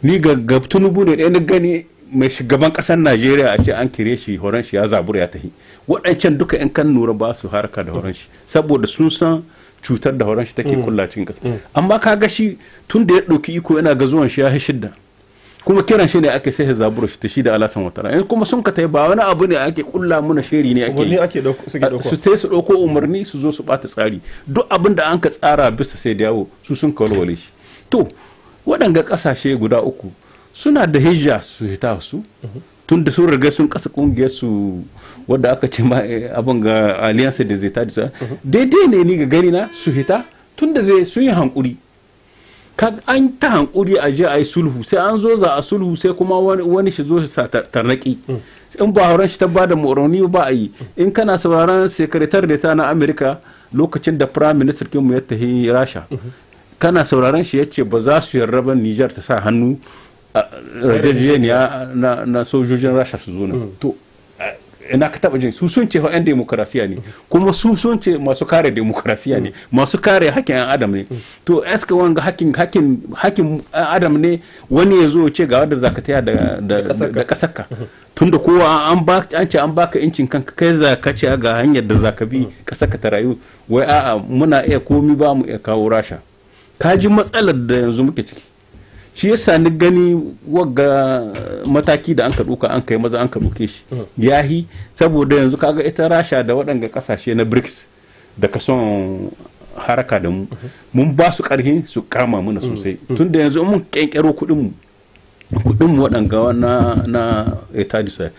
ni ga gabtunubu ne ɗaya na gani mai shugaban kasar najeriya a ce an kire shi horon shi ya zabura ya tahi waɗancan duka in kan nura ba su harka da horon shi saboda sun san cutar da horon shi take mm. kulla cikin kasa mm. amma ka ga shi tun da ya ɗauki iko yana ga zuwan shi ya shidda kuma kiran shi ne ake sai zabura shi ta shi da alasan watara in kuma sun ka tai ba wani abu ne ake kulla muna sheri ne ake su sai su ɗauko umarni su zo su ɓata tsari duk abin da an ka tsara bisa sai dawo su sun kawar walwale shi to waɗanga ƙasashe guda uku suna da hijja su hita su mhm. tun da sun riga sun kasa kungiyar su wadda aka ce ma eh, abin ga aliyansa da zai tadi daidai ne ni ga gani na su hita tun da dai sun yi hankuri ka an ta hankuri a je a yi sulhu sai an zo za a sulhu sai kuma wani shi zo shi sa tarnaki mhm. in ba hauren shi ta bada morani ba a yi mhm. in kana sauraron sekretar da ta na amerika lokacin da prime minister kinmu ya tafi rasha kana sauraron shi ya ce ba za su yarda nijar ta sa hannu yarjejeniya na sojojin rasha su zo mm. to eh, ina ka taba jin su sun ce yan demokarasiya ne kuma su sun ce masu kare demokarasiya ne mm. masu kare hakkin yan adam ne mm. to eska wanga hakkin hakkin adam ne wani ya zo ce ga za ka taya da da kasarka mm-hmm. tunda kowa an an ce an baka incin kanka kai zaka ce ga hanyar da zaka bi kasaka ta rayu wai a'a muna iya komi ba mu iya kawo rasha ka ji matsalar da yanzu muke ciki shi yasa ni gani wagga mataki da an ka duka an kai maza an ka duke shi hmm. yahi saboda yanzu kaga ita rasha da waɗanga kasashe na brics da ka son haraka da mu hmm. mun ba su ƙarfi su kama muna hmm. sosai tun da yanzu mun ƙyanƙyaro kuɗin mu kudin waɗanga na na sai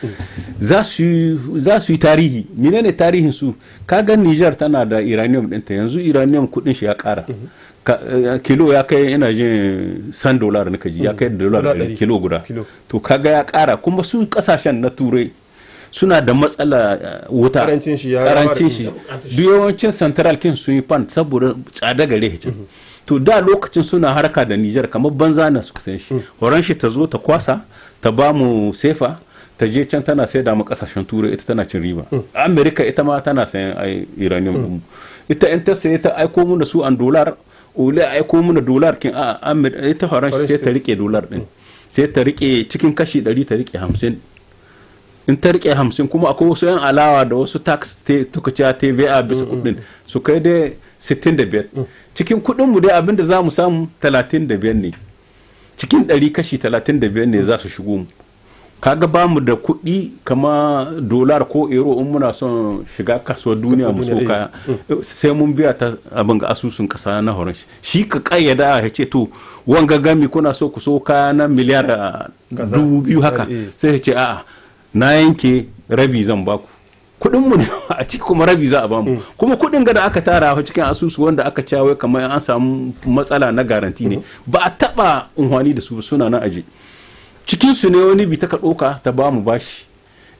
za su yi tarihi menene tarihin su kaga niger tana da iranium ɗinta yanzu iranium kudin shi ya ƙara Eh, kilo ya kai ina jin san dolar na kaji ya hmm. kai dolar kilo guda to kaga ya kara kuma su kasashen na turai suna da matsala eh, wuta karancin shi duk yawancin central kin sun yi fan saboda tsada gare hijin hmm. to da lokacin suna harka da Nijar kamar banza na su kusan shi hmm. horon shi ta zo ta kwasa ta ba mu sefa ta je can tana sai da mu kasashen turai ita tana cin riba amerika ita ma tana sayan iranium ita in ta sai ta aiko mu da su an dolar ule a aiko mana dolar kin a amir ita shi sai ta rike dolar din sai ta rike cikin kashi 100 ta rike 50 in ta rike 50 kuma akwai wasu yan alawa da wasu tax ta tuka ta va bisa mm, kudin mm. su kai da 65 mm. cikin kudin mu dai abinda za mu samu 35 ne cikin 100 kashi 35 ne za su shigo mu kaga ba mu da kuɗi kama dolar ko euro in muna son shiga kasuwar duniya mu soka mm. sai mun biya ta abin ga asusun kasa na horon shi ka kayyada ya ce to wanga gami kuna so ku soka na miliyar ah, dubu biyu haka eh. sai ya ce a'a na yanke rabi zan baku kuɗin mu ne a ci kuma rabi za a bamu mm. kuma kuɗin ga da aka tara a cikin asusu wanda aka cawai kamar an samu matsala na garanti ne mm-hmm. ba a taɓa unhwani da su suna na aji. cikin su ne wani bi ta ɗauka ta ba mu bashi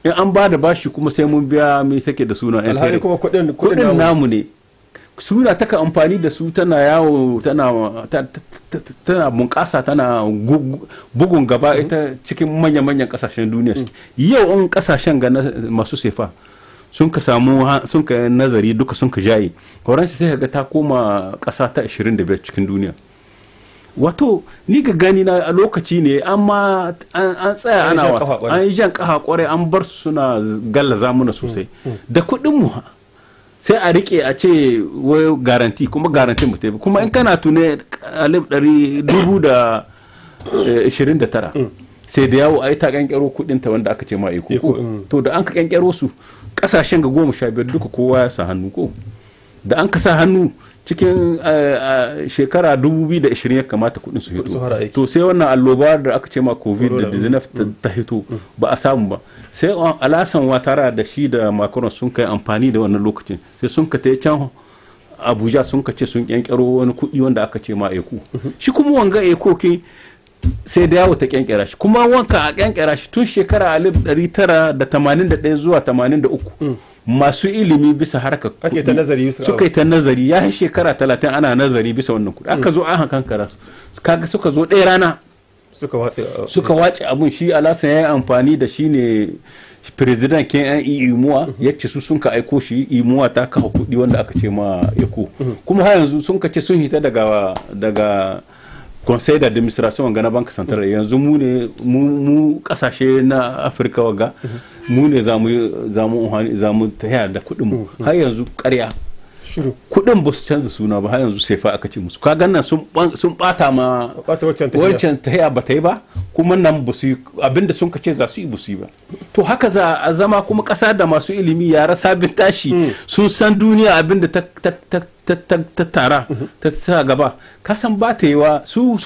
in an ba da bashi kuma sai mun biya mai take da suna alhali kuma kuɗin namu ne suna taka amfani da su tana yawo tana bunƙasa tana bugun gaba mhm. ita cikin manya-manyan ƙasashen duniya mhm. yau an ƙasashen ga masu sefa sun ka samu sun ka nazari duka sun ka jaye horon sai ka ga ta koma ƙasa ta 25 cikin duniya wato ni ga gani na a lokaci ne amma an tsaya ana wasa an yi jan kafa kwarai an bar su suna galla zamuna sosai mm, mm. da kuɗin mu sai a rike a ce wai garanti kuma garanti mu kuma in kana tune alif ɗari dubu da eh, ishirin da tara mm. sai da yawo a yi ta kankero kuɗin ta wanda aka ce ma iko to da an ka kankero su kasashen ga goma sha biyar duka kowa ya sa hannu ko da an ka sa hannu cikin eh, eh, shekara 2020 ya kamata kudin su hito to sai wannan alloba da aka ce ma covid-19 mm. ta hito mm. ba a samu ba sai alasan watara da shi da makaron sun kai amfani da wannan lokacin sai sun ka ta can abuja sun ka ce sun kyankyaro wani kuɗi wanda aka ce ma eku mm-hmm. shi kuma wanga eko ke sai da yawo ta kyankyara shi kuma wanka a kyankyara shi tun shekara 1981 zuwa 83 masu ilimi bisa harkar kuɗi nazari suka yi ta nazari ya yi shekara talatin ana nazari bisa wannan kuɗi aka mm. zo an hakan kara kaga suka zo ɗaya rana suka wace uh, mm. abun shi alasa ya yi amfani da shi ne firizidan ken yan e e imuwa mm-hmm. ya ce su sun ka aiko shi imuwa ta kawo kuɗi wanda aka ce ma yako mm-hmm. kuma har yanzu sun ka ce sun hita daga conseil d'administration ga na bank central mm-hmm. yanzu mu ne mu kasashe na afirka waga mm-hmm. mu ne za mu ta da kuɗin mu mm-hmm. har yanzu karya kudin ba su canza suna ba har yanzu sai fa aka ce musu ka ganna sun bata ma wancan ta yi ba ta yi ba kuma nan ba su yi abinda sun kace za su yi ba su yi ba to haka za a zama kuma kasa da masu ilimi yara sabin tashi mm. sun san duniya abinda ta ta tara ta sa gaba ka san ba ta yi wa su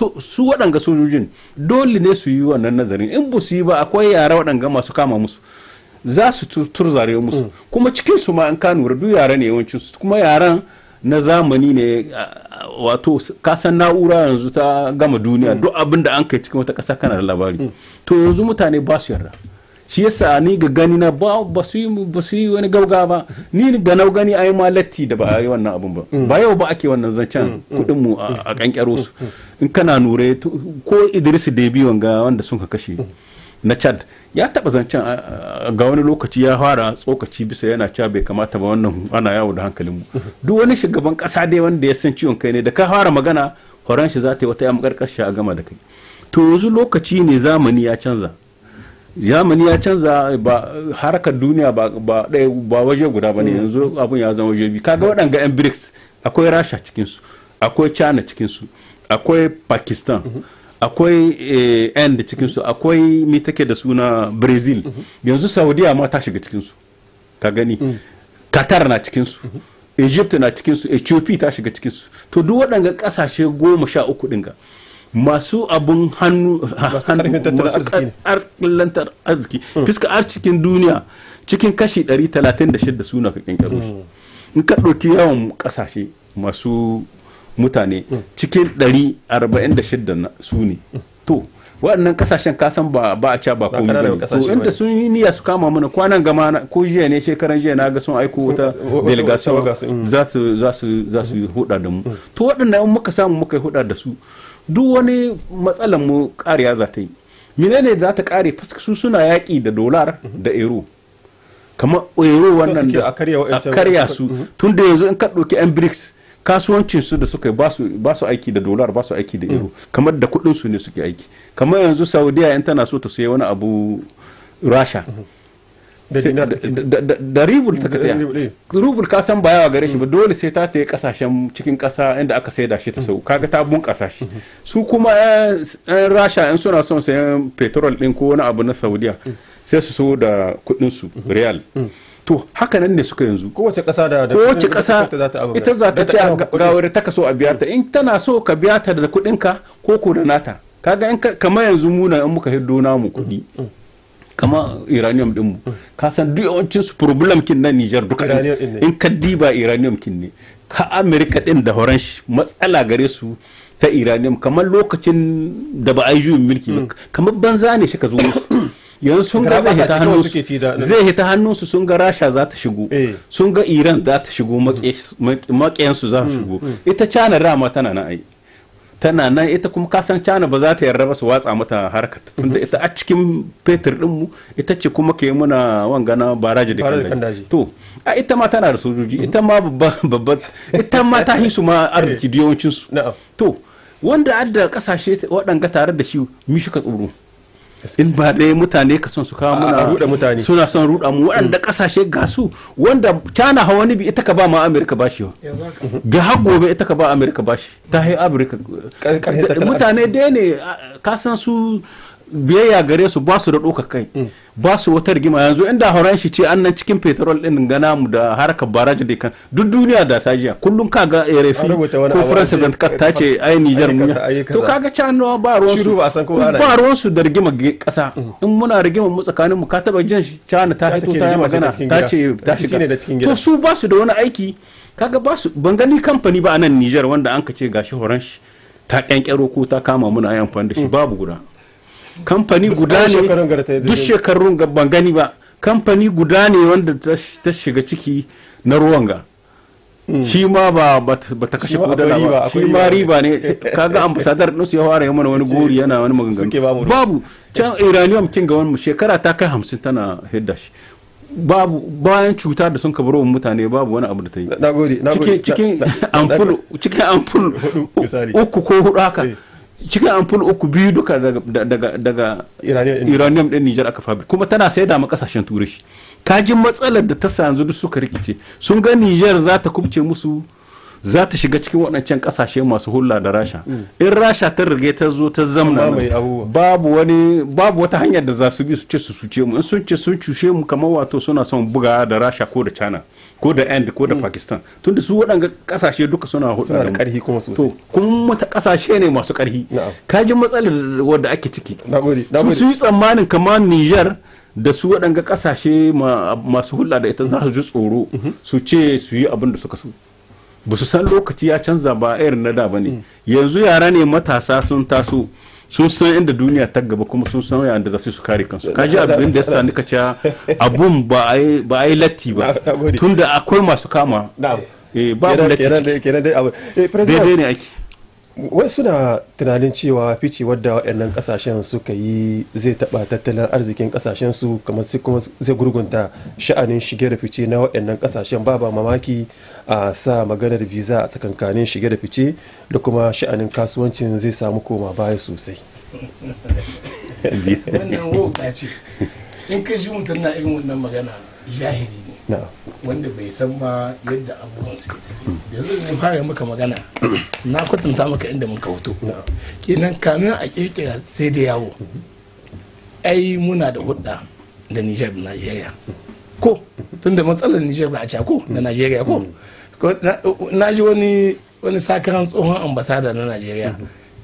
waɗanga sojojin dole ne su yi wannan nazarin in ba su yi ba akwai yara waɗanga masu kama musu za su zare musu mm. kuma cikin su ma an ka lura duk yara ne yawancin su kuma yaran na zamani ne wato kasan na'ura yanzu ta gama duniya mm. duk abin da an kai cikin wata ƙasa kana da labari mm. to yanzu mutane ba su yarda shi yasa ni ga gani na ba ba su yi ba su yi wani gauga ba ni ga nau gani ayi ma da ba yi wannan abun ba ba yau ba ake wannan zancen kudin mu a kankero su in kana nure ko Idris Debi wanga wanda sun ka kashe na Chad ya taba zancen ga wani lokaci ya fara tsokaci bisa yana cewa bai kamata ba wannan ana yawo da hankalin mu duk wani shugaban kasa dai wanda ya san ciwon kai ne da ka fara magana horon shi za ta yi wata yamma karkashin a gama da kai to yanzu lokaci ne zamani ya canza zamani ya canza ba harkar duniya ba ɗaya ba waje guda ba ne mm. yanzu abun ya zama waje biyu kaga waɗanga yan brics akwai rasha cikinsu akwai china cikinsu akwai pakistan mm -hmm. akwai eh, end cikinsu akwai mai take da suna brazil mhm. yanzu saudiya ma ta shiga cikinsu ka gani mm. qatar na cikinsu mhm. egypt na cikinsu ethiopia ta shiga cikinsu to duk waɗanga ƙasashe goma sha uku ɗinga masu abun hannu masu arziki mm. fiska cikin duniya cikin kashi 136 suna ka ƙinƙaro mm. in ka ɗauki yawan ƙasashe masu mutane cikin 146 su ne to waɗannan kasashen kasan ba ba a ca ba komi ba to inda sun yi niyya su kama mana kwanan gama ko jiya ne shekaran jiya na ga sun aiko wata delegation za su za su za su mm. huda da mu mm. to waɗannan in muka samu muka huda da su duk wani matsalan mu ƙariya za ta yi menene za ta ƙare su suna yaƙi da dolar mm-hmm. da euro kamar euro wannan a karya mm-hmm. su tun da yanzu in ka ɗauki yan brics kasuwancin su da suka ba su aiki da dolar ba su aiki da euro kamar da kuɗin su ne suke aiki kamar yanzu saudiya in tana so ta sayi wani abu rasha da ribul ta kataya eh. rubul ka san bayawa gare shi ba mm. dole sai ta tayi kasashen cikin kasa inda aka saida shi ta mm. sau kaga ta bun kasashe mm-hmm. su kuma yan rasha yan suna son sayan petrol din ko wani abu na saudiya mm. sai su so da kudin su mm-hmm. real to haka nan ne suka yanzu kowace ƙasa da kowace kasa ita za ta ce ah, ga wani ta kaso a biya ta in tana so ka biya ta da kuɗin ka ko ko da nata kaga in kamar yanzu muna in muka hiddo namu kuɗi kama iranium din mu ka san duk yawancin su problem kin na Niger duka in ka diba iranium kin ne ka America din da shi matsala gare su ta iranium kamar lokacin da ba a yi juyin mulki ba mm. kamar banza ne shi ka zo yanzu sun ga zai hita hannunsu sun ga rasha za ta shigo eh. sun ga iran za ta shigo mm. su za su mm, shigo mm. ita cana rama tana na ai tana nan ita kuma kasan cana ba za ta yarda ba su watsa mata harka tunda ita a cikin fetur mu ita ce kuma ke muna wangana baraji da kandaji to a ita ma tana da sojoji ita ma babba ita ma ta hisu ma arziki da yawancin su to wanda adda kasashe waɗanga tare da shi mishi ka tsoro in ba dai mutane ka son su kawo muna ruda mutane suna son ruda mu waɗanda kasashe mm. ga su wanda cana hawa ni bi ita ka ba ma amerika ba shi wa mm-hmm. ga har gobe ita ka ba amerika ba shi ta hai amurka mutane dai ne ka san su biyayya gare su ba su da ɗaukar kai mm. ba su wata rigima yanzu inda hauran shi ce annan cikin petrol ɗin gana mu da harkar baraji da kan duk duniya da ta jiya kullum ka ga erefi ko faransa da ta ce ai nijar mu to kaga canowa ba ruwan su ba ruwan su da rigima ƙasa mm. in muna rigima mu tsakanin mu ka taba jin cana ta fito ta magana ta ce ta shiga to su ba su da wani aiki kaga ba su ban gani kamfani ba a nan nijar wanda an ka ce gashi horan shi ta ƙyanƙyaro ko ta kama muna yan fan da shi mm. babu guda kamfani guda ne duk shekarun ban gani ba kamfani guda ne wanda ta shiga ciki na ruwan ga hmm. shi ma ba ta kashe kudala dala ba shi ma riba ne kaga ambasadar din su ya fara yamma wani gori yana wani maganganu babu can iranium kin ga wani shekara ta kai hamsin tana hidda shi babu bayan cuta da sun kabaro baro mutane babu wani abu da ta yi cikin cikin cikin ampul uku ko hudu haka eh. cikin amful uku biyu duka daga uranium ɗin Nijar aka fabi kuma tana sai da kasashen turai kajin matsalar da ta sanzu duk suka rikice sun ga Nijar za ta kubce musu za ta shiga cikin waɗancan ƙasashe masu hulla da rasha mm. in rasha ta rige ta zo ta zamna babu wani babu wata hanyar da za su bi su ce su suce mu in sun ce sun cushe mu kamar wato suna son buga da rasha ko da cana ko da end ko da mm. pakistan tunda su waɗanga kasashe duka suna hudu da karhi kuma sosai to kuma mata kasashe ne masu karhi kajin matsalar wadda ake ciki su yi tsammanin kamar niger da su waɗanga kasashe masu hulɗa da ita za su ji tsoro mhm. su ce su yi abin da suka so ba su san lokaci ya canza ba irin na da ba ne mm. yanzu yara ne matasa sun taso sun san inda duniya ta gaba kuma sun san yadda za su kare kansu ka ji abin da sa nika cewa abun ba a yi latti ba tunda akwai masu kama eh, ba latti eh, daidai ne ake wai suna tunanin cewa fice wadda waɗannan kasashen suka yi zai taɓa tattalin arzikin kasashen su kamar su kuma zai gurgunta sha'anin shige da fice na waɗannan kasashen ba mamaki a sa maganar visa a tsakankanin shige da fice da kuma sha'anin kasuwancin zai samu koma baya sosai wannan ce in ka ji mutum na irin wannan magana jahili wanda bai san ba yadda abubuwan suke tafi yanzu mun fara maka magana na kwatanta maka inda muka fito kenan kamin a kirkira sai da yawo ai muna da hudda da Nijar da Najeriya ko da matsalar Nijar za a ko da Najeriya ko na ji wani wani sakaran tsohon ambasada na Najeriya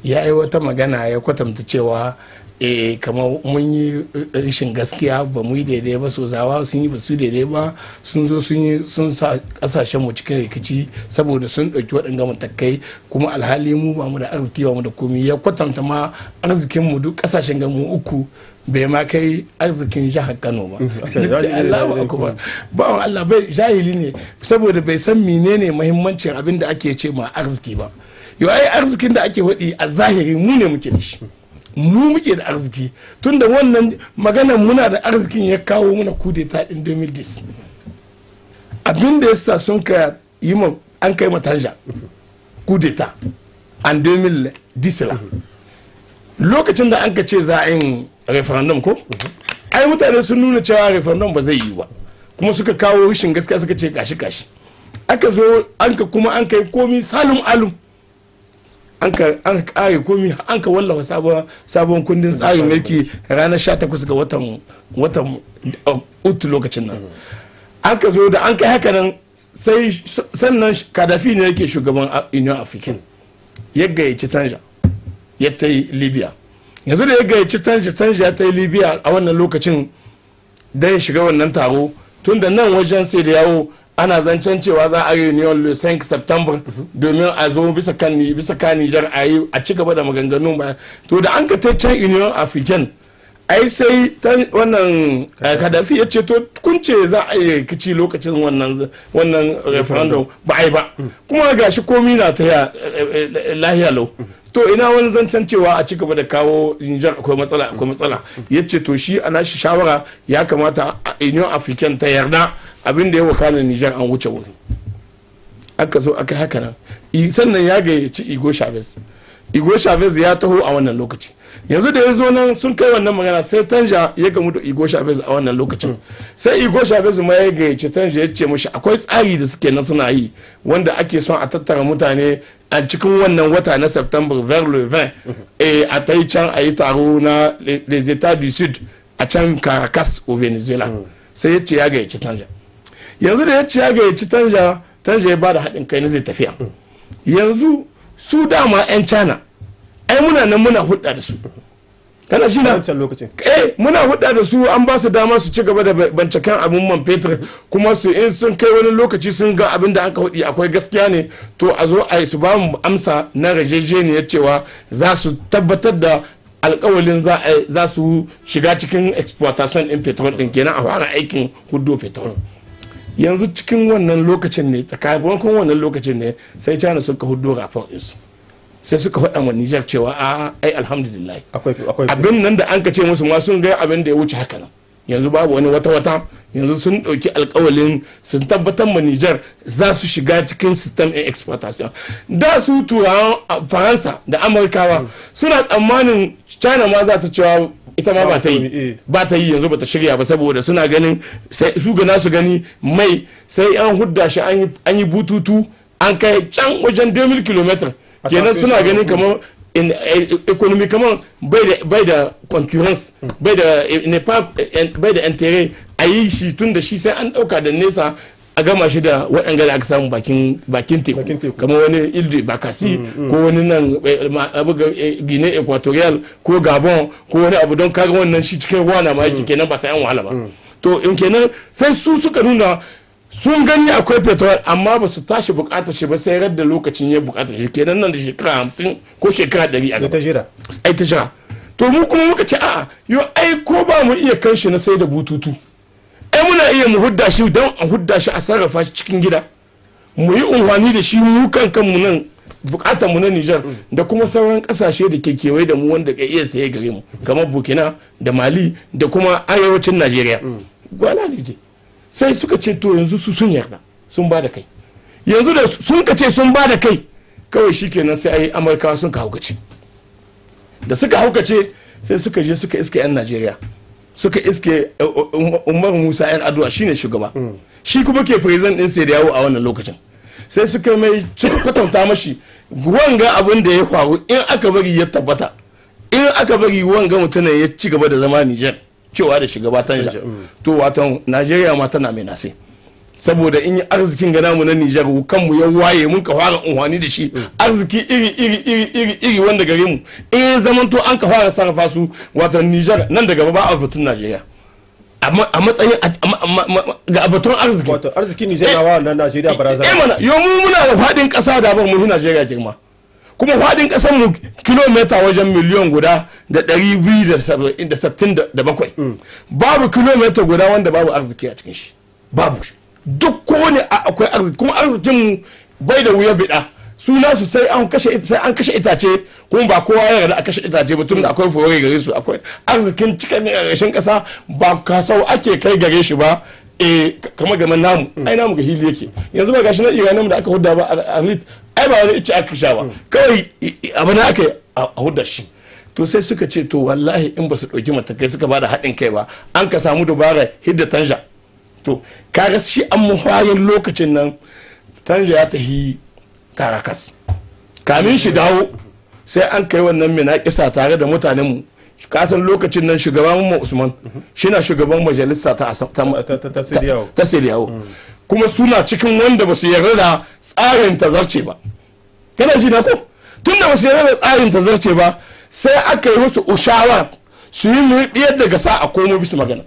ya yi wata magana ya kwatanta cewa eh kamar mun yi eh, rashin gaskiya ba mu yi daidai ba zawa sun yi ba su daidai ba sun zo sun yi sun sa kasashen mu cikin rikici saboda sun ɗauki waɗanda matakai kuma alhali mu ba mu da arziki ba mu da komi ya kwatanta ma arzikin mu duk kasashen gamu uku bai ma kai arzikin jihar kano ba ba Allah bai jahili ne saboda bai san menene muhimmancin abin da ake ce ma arziki ba yau ai arzikin da ake faɗi a zahiri mu ne muke da shi mu muke da arziki tunda wannan magana muna da arzikin ya kawo muna kudeta in 2010 abin ya sa sun ka yi ma an kai matanja kudeta an 2010 lokacin da an ka ce za a yin referendum ko ai mutane sun nuna cewa referendum ba zai yi ba kuma suka kawo rishin gaskiya suka ce gashi gashi aka zo an ka kuma an kai komi salum alum an ka kare komi an ka wallafa sabon sabon kundin tsarin mulki ranar 18 ga watan watan um, utu lokacin nan an ka zo da an kai haka nan sai sannan kadafi ne yake shugaban union african ya gayyaci tanja ya ta yi libya yanzu da ya gayyaci tanja tanja ya ta yi libya a wannan lokacin don ya shiga wannan taro tun da nan wajen sai da yawo ana zancen cewa za a reunion le 5 september domin a zo bisa kan bisa a yi a ci gaba da maganganun ba to da an ka ta can union african ai sai ta wannan eh, kadafi ya ce to kun ce za a yi rikici lokacin wannan wannan referendum ba ai ba hmm. kuma gashi komi na ta eh, eh, lahiya lau hmm. to ina wani zancen cewa a cigaba da kawo Nijar akwai matsala akwai matsala hmm. ya ce to shi ana shi shawara ya kamata a Union African ta yarda abin da ya wakana nijar an wuce wuri aka zo aka haka nan sannan ya gayyaci igo chavez igo chavez ya taho a wannan lokaci yanzu da ya zo nan sun kai wannan magana sai tanja ya gamu da igo chavez a wannan lokacin sai igo chavez ma ya gayyaci tanja ya ce mashi akwai tsari da suke nan suna yi wanda ake son a tattara mutane a cikin wannan wata na september vers le eh, a ta yi can a yi taro na les etats du sud a can caracas o venezuela mm. sai ya ce ya gayyaci tanja yanzu da ya ci ya gayyaci tanja tanja ya ba da haɗin kai na zai tafiya yanzu su dama 'yan cana ai muna nan muna hudda da su kana shi na lokacin eh muna hudda da su an ba su dama su ci gaba da bancakan abin man fetur kuma su in sun kai wani lokaci sun ga abin da aka hudi akwai gaskiya ne to a zo a su ba mu amsa na rajejeniyar cewa za su tabbatar da alkawalin za su shiga cikin exploitation din petrol din kenan a fara aikin hudu petrol yanzu cikin wannan lokacin ne tsakanin wannan lokacin ne sai china suka hudu rafon isu sai suka faɗa wa nijar cewa a ai alhamdulillah abin nan da an ka ce musu ma sun ga abin da ya wuce haka nan yanzu babu wani wata wata yanzu sun ɗauki alkawalin sun tabbatar ma nijar za su shiga cikin system in exportation da su turawan faransa da amurkawa hmm. suna tsammanin china ma za ta cewa ita ma ba yi eh. ba yi yanzu bata shirya ba saboda suna ganin su gana su gani mai sai an hudda shi an yi bututu an kai can wajen 2000 km kenan suna ganin kamar eh, economy kamar bai da concurrence hmm. eh, bai da intérêt ayi shi tunda shi sai an dauka da nesa a gama shi da waɗanda da aka samu bakin teku kamar wani ilde bakasi mm, mm. ko wani nan eh, gine eh, equatorial ko gabon ko wani abu don kaga wannan shi cikin ruwa na maki mm. kenan ba sayan wahala ba to in kenan sai su suka nuna sun gani akwai petrol amma ba su tashi bukatar shi ba sai radda lokacin ya bukatar shi kenan nan da shekara hamsin ko shekara ɗari a gaba ai ta jira to mu kuma muka ce a'a yau ai ko ba mu iya kan shi na sai da bututu ai muna iya mu hudda shi don a hudda shi a sarrafa shi cikin gida mu yi unhwani da shi mu kan kanmu nan bukatar mu na Nijar da kuma sauran kasashe da ke kewaye da mu wanda ka iya saye gare mu kamar Burkina da Mali da kuma arewacin Najeriya gwala ne sai suka ce to yanzu su sun yarda sun ba da kai yanzu da sun ka ce sun ba da kai kawai shikenan sai ai Amurkawa sun ka haukace da suka haukace sai suka je suka iska yan Najeriya suka iske eh, umar musa yan shi ne shugaba shi kuma ke president din sai da yawo a wannan lokacin sai suka mai kwatanta mashi wanga abin da ya faru in aka bari ya tabbata in aka bari wanga mutane ya ci gaba da zama nijar cewa da shugaba tanja mm. to watan najeriya ma tana mai nasi saboda in yi arzikin ga mu na Nijar kanmu ya waye mun ka fara unhwani da shi arziki iri iri iri iri iri wanda gare mu in ya zaman to an ka fara sarrafa su wato Nijar nan daga ba a batun Najeriya a matsayin ga batun arziki wato arziki Nijar na wa Najeriya barazana eh, eh mana yo mu muna da fadin kasa da bar mu Najeriya girma kuma faɗin kasan mu kilomita wajen miliyon guda da ɗari biyu da sittin da bakwai mm. babu kilomita guda wanda babu arziki a cikin shi babu shi duk kowane akwai arziki kuma arzikin bai da wuya bida suna su sai an kashe sai an kashe itace kuma ba kowa ya yarda a kashe itace ba tunda akwai fure gare su akwai arzikin cikin ƙarshen ƙasa ba kasau ake kai gare shi ba eh kamar game namu ai namu ga hili yake yanzu ba gashi na iranin da aka hudda ba a ai ba wani ice aka sha ba hmm. kawai abu na aka a hudda shi to sai suka ce to wallahi in ba su ɗauki matakai suka ba da haɗin kai ba an ka samu dubara hidda tanja to kaga shi an muharin lokacin nan tanja ya tafi karakas kamin shi dawo sai an kai wannan mina kisa tare da mutanenmu kasan lokacin nan shugaban mu usman shina shugaban majalisa ta ta siliyawo kuma suna cikin wanda ba su yarda da tsarin tazarce ba kana shi na ko tun da ba su yarda da tsarin tazarce ba sai aka yi musu ushawar su yi mu daga sa a komo bisa magana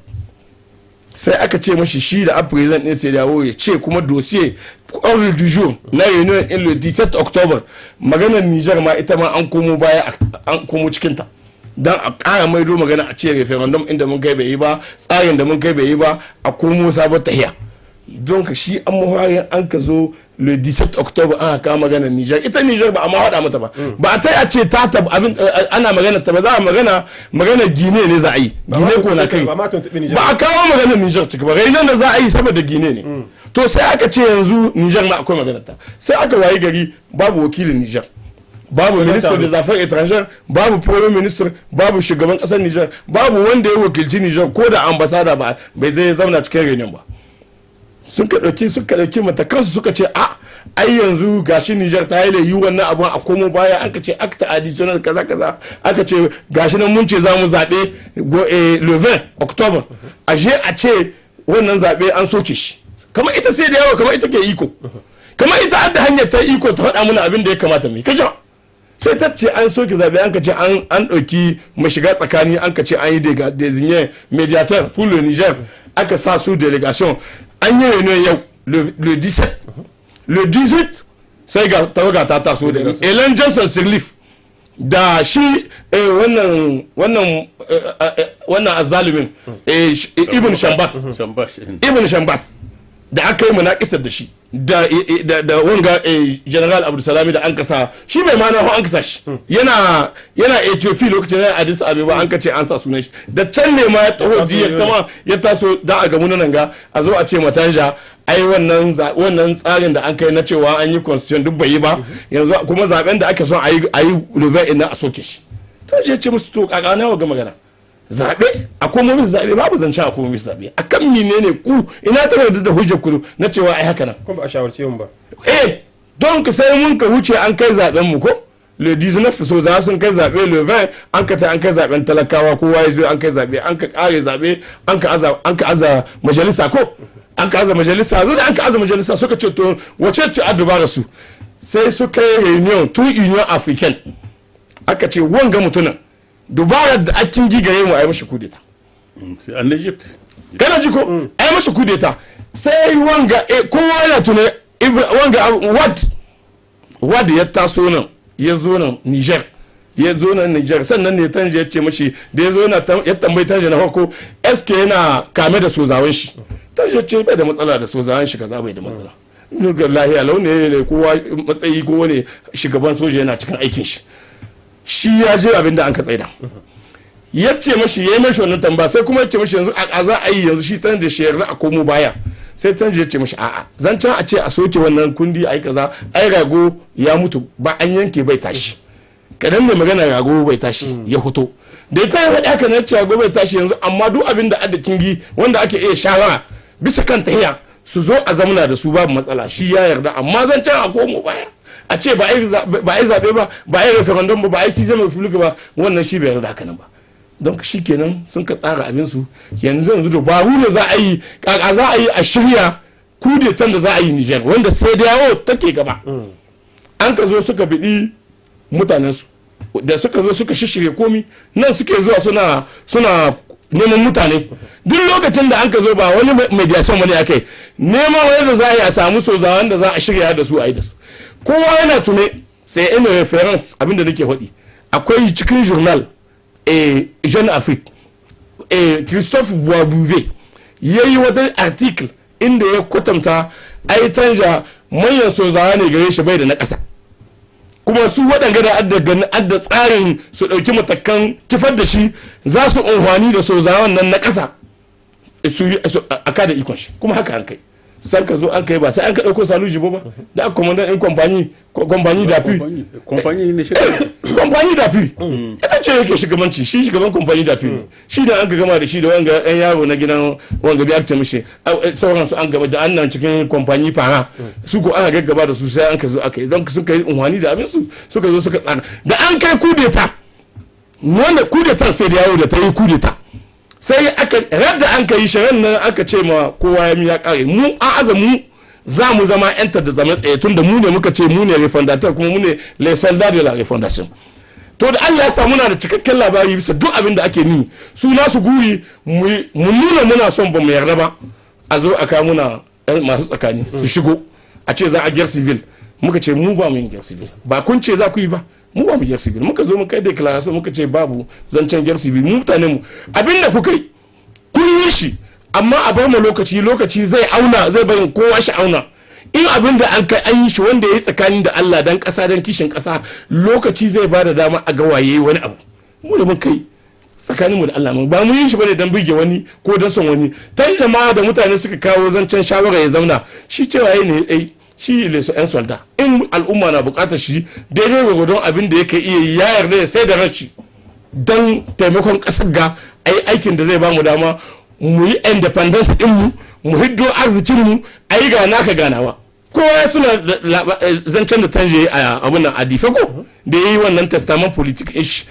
sai aka ce mashi shi da president din sai dawo ya ce kuma dossier ordre du jour na yanayi in le 17 october maganar nijar ma ita ma an komo baya an komo cikinta don a ƙara maido magana a ce referendum inda mun kai bai yi ba tsarin da mun kai bai yi ba a komo sabon tahiya don shi an mahwarin an ka zo le 17 october an haka magana Niger ita Niger ba a ma mata ba mm. ba a tai a ce ta tab abin eh, eh, ana magana ta ba za a magana magana Gine ne za a yi Gine ko na kai ba a kawo magana Niger ciki ba rainon da za a yi saboda Gine ne mm. to sai aka ce yanzu Niger ma akwai magana ta sai aka wayi gari babu wakilin Niger babu minister da zafin étrangère babu prime minister babu shugaban kasar Niger babu wanda ya wakilci Niger ko da ambasada ba bai zai zauna cikin reunion ba sun suka ɗauki suka ɗauki kansu suka ce a ah, ai yanzu gashi Nijar ta yi yi wannan abun a komo baya aka ce akta additional kaza kaza aka ce gashi nan mun ce za mu zaɓe eh, le 20 october a je a ce wannan zaɓe an soke shi kama ita sai da yawa kama ita ke iko kama ita adda hanyar ta iko ta faɗa mana abin da ya kamata mu kaje sai ta ce an soke zaɓe an ka ce an ɗauki mashiga tsakani an ka ce an yi designer mediator pour le Niger aka sa su delegation an yi reunion yau le 17 le 18 sai ga tawaga ta taso da Ellen Johnson Sirleaf da shi eh, wannan wannan eh, eh, wannan ibn Shambas ibn Shambas da aka yi munakisar da shi da eh, eh, da wanga eh, general abdulsalami da an kasa shi mai mana hau an kasa shi hmm. yana yana ethiopia lokacin yana addis abeba an kace an sa sunan shi da can ne ma ya taho jiya ya taso da a gamu nan ga a zo a ce matanja ai wannan wannan tsarin da an kai na cewa an yi constitution duk bai yi ba hmm. yanzu kuma zaben da ake son a yi a yi ina a soke shi to je ce musu to kakana wa ga magana zaɓe a komomin musu zaɓe babu zancen a komomin musu zaɓe a kan ne ku ina ta da hujjar ku na cewa ai haka nan kuma ba a shawarce mun ba eh don ka sai mun ka wuce an kai zaɓen mu ko le 19 so za sun kai zaɓe le 20 an ka ta an kai zaɓen talakawa kowa ya zo an kai zaɓe an ka ƙare zaɓe an ka aza an ka aza majalisa ko an ka aza majalisa zo da an ka aza majalisa suka ce to wace ce da su sai suka yi reunion tun union african aka ce wanga mutunan dubarar da akin gigare mu a yi mashi kudeta mm, an egypt kana ji ko mm. a yi mashi kudeta sai wanga eh, kowa yana tuna wanga ah, wad wad ya taso nan ya zo nan niger ya zo nan niger sannan ne tanje ya ce mashi da ya zo na ya tambayi tanje na farko sk yana kame da sozawan shi tanje ce bai da matsala da sozawan shi kaza bai da matsala mm. nugar lahiya launi ne kowa matsayi kowa wani shugaban soja yana cikin aikin shi shi ya je abin da an ka tsaida ya ce mashi ya yi mashi wannan tamba sai kuma ya ce mashi yanzu a za a yi yanzu shi tana da shi yarda a komo baya sai tana ya ce mashi a'a zan can a ce a soke wannan kundi a yi kaza ai rago ya mutu ba an yanke bai tashi kadan da magana rago bai tashi ya hoto da ta yi haka na ce rago bai tashi yanzu amma duk abin da ada kingi wanda ake iya shawara bisa kan tahiya su zo a zamana da su babu matsala shi ya yarda amma zan can a komo baya a ce ba a yi zaɓe ba ba a yi referendum ba ba a yi season republic ba wannan shi bai yarda haka nan ba don shi kenan sun ka tsara abinsu yanzu yanzu dabaru ne za a yi kaka za a yi a shirya kudetan da za a yi nijar wanda sai da yawo take gaba mm. an ka zo suka biɗi mutanensu da suka zo suka shishire komi nan suke zuwa suna suna neman mutane duk lokacin da an ka zo ba wani mediation wani akai neman wani da za a yi a samu sozawa wanda za a shirya da su a yi da su kowa yana tume sai ina reference da nake faɗi akwai cikin journal a eh, jeune afrique a eh, christophe boabuve ya yi wata article inda ya kwatanta yi canja manyan sozawa ne gare shi bai da na ƙasa kuma su waɗanga da adda tsarin su ɗauki matakan kifar da shi za su unhwani da sozawan nan na ƙasa a kada ikon shi kuma haka an kai san ka zo an kai ba sai an ka dauko salu jibo ba da aka komandan in kwamfani kwamfani da fi kwamfani ne shi kwamfani da fi ita ce yake shugabanci shi shugaban kwamfani da fi shi da an ka gama da shi da wanga ɗan yaro na gidan wanga bi akta mishi eh, sauran su an gaba da annan cikin kwamfani fara mm. su ko ana gaggaba da su sai an ka zo aka yi don suka yi unhwani da abin su suka zo suka tsana da an kai kudeta wanda kudetan sai da yawo da ta yi kudeta sai aka radda an ka yi shirin nan aka ce ma kowa ya miya kare mu an aza za mu zama yan da zama tsaye tun da mu ne muka ce mu ne refondateur kuma mu ne les soldats de la refondation to da Allah ya sa muna da cikakken labari bisa duk abin da ake ni su su guri mu nuna muna son ba mu yarda ba a zo a kawo muna masu tsakani su shigo a ce za a gyar civil muka ce mu ba mu yin gyar civil ba kun ce za ku yi ba mu ba mu jar civil muka zo mu kai declaration muka ce babu zancen jar civil mu mutane mu abinda ku kai kun yi shi amma a bar mu lokaci lokaci zai auna zai bari kowa shi auna in abin da an kai an yi shi wanda ya yi tsakanin da Allah dan kasa dan kishin kasa lokaci zai ba da dama a ga waye wani abu mu da mun kai tsakanin mu da Allah ba mu yi shi bane dan buge wani ko dan son wani tantama da mutane suka kawo zancen shawara ya zauna shi cewa yayi ne dai shi ne yan sanda in al'umma na bukatar shi daidai gudun abin da yake iya ya yarda ya sai da rashi don taimakon kasar ga a yi aikin da zai ba mu dama mu yi independence din mu hiddo arzikin mu yi ga naka ganawa kowa suna eh, zancen da tanje a abin nan adife ko da ya yi wannan testament politik ish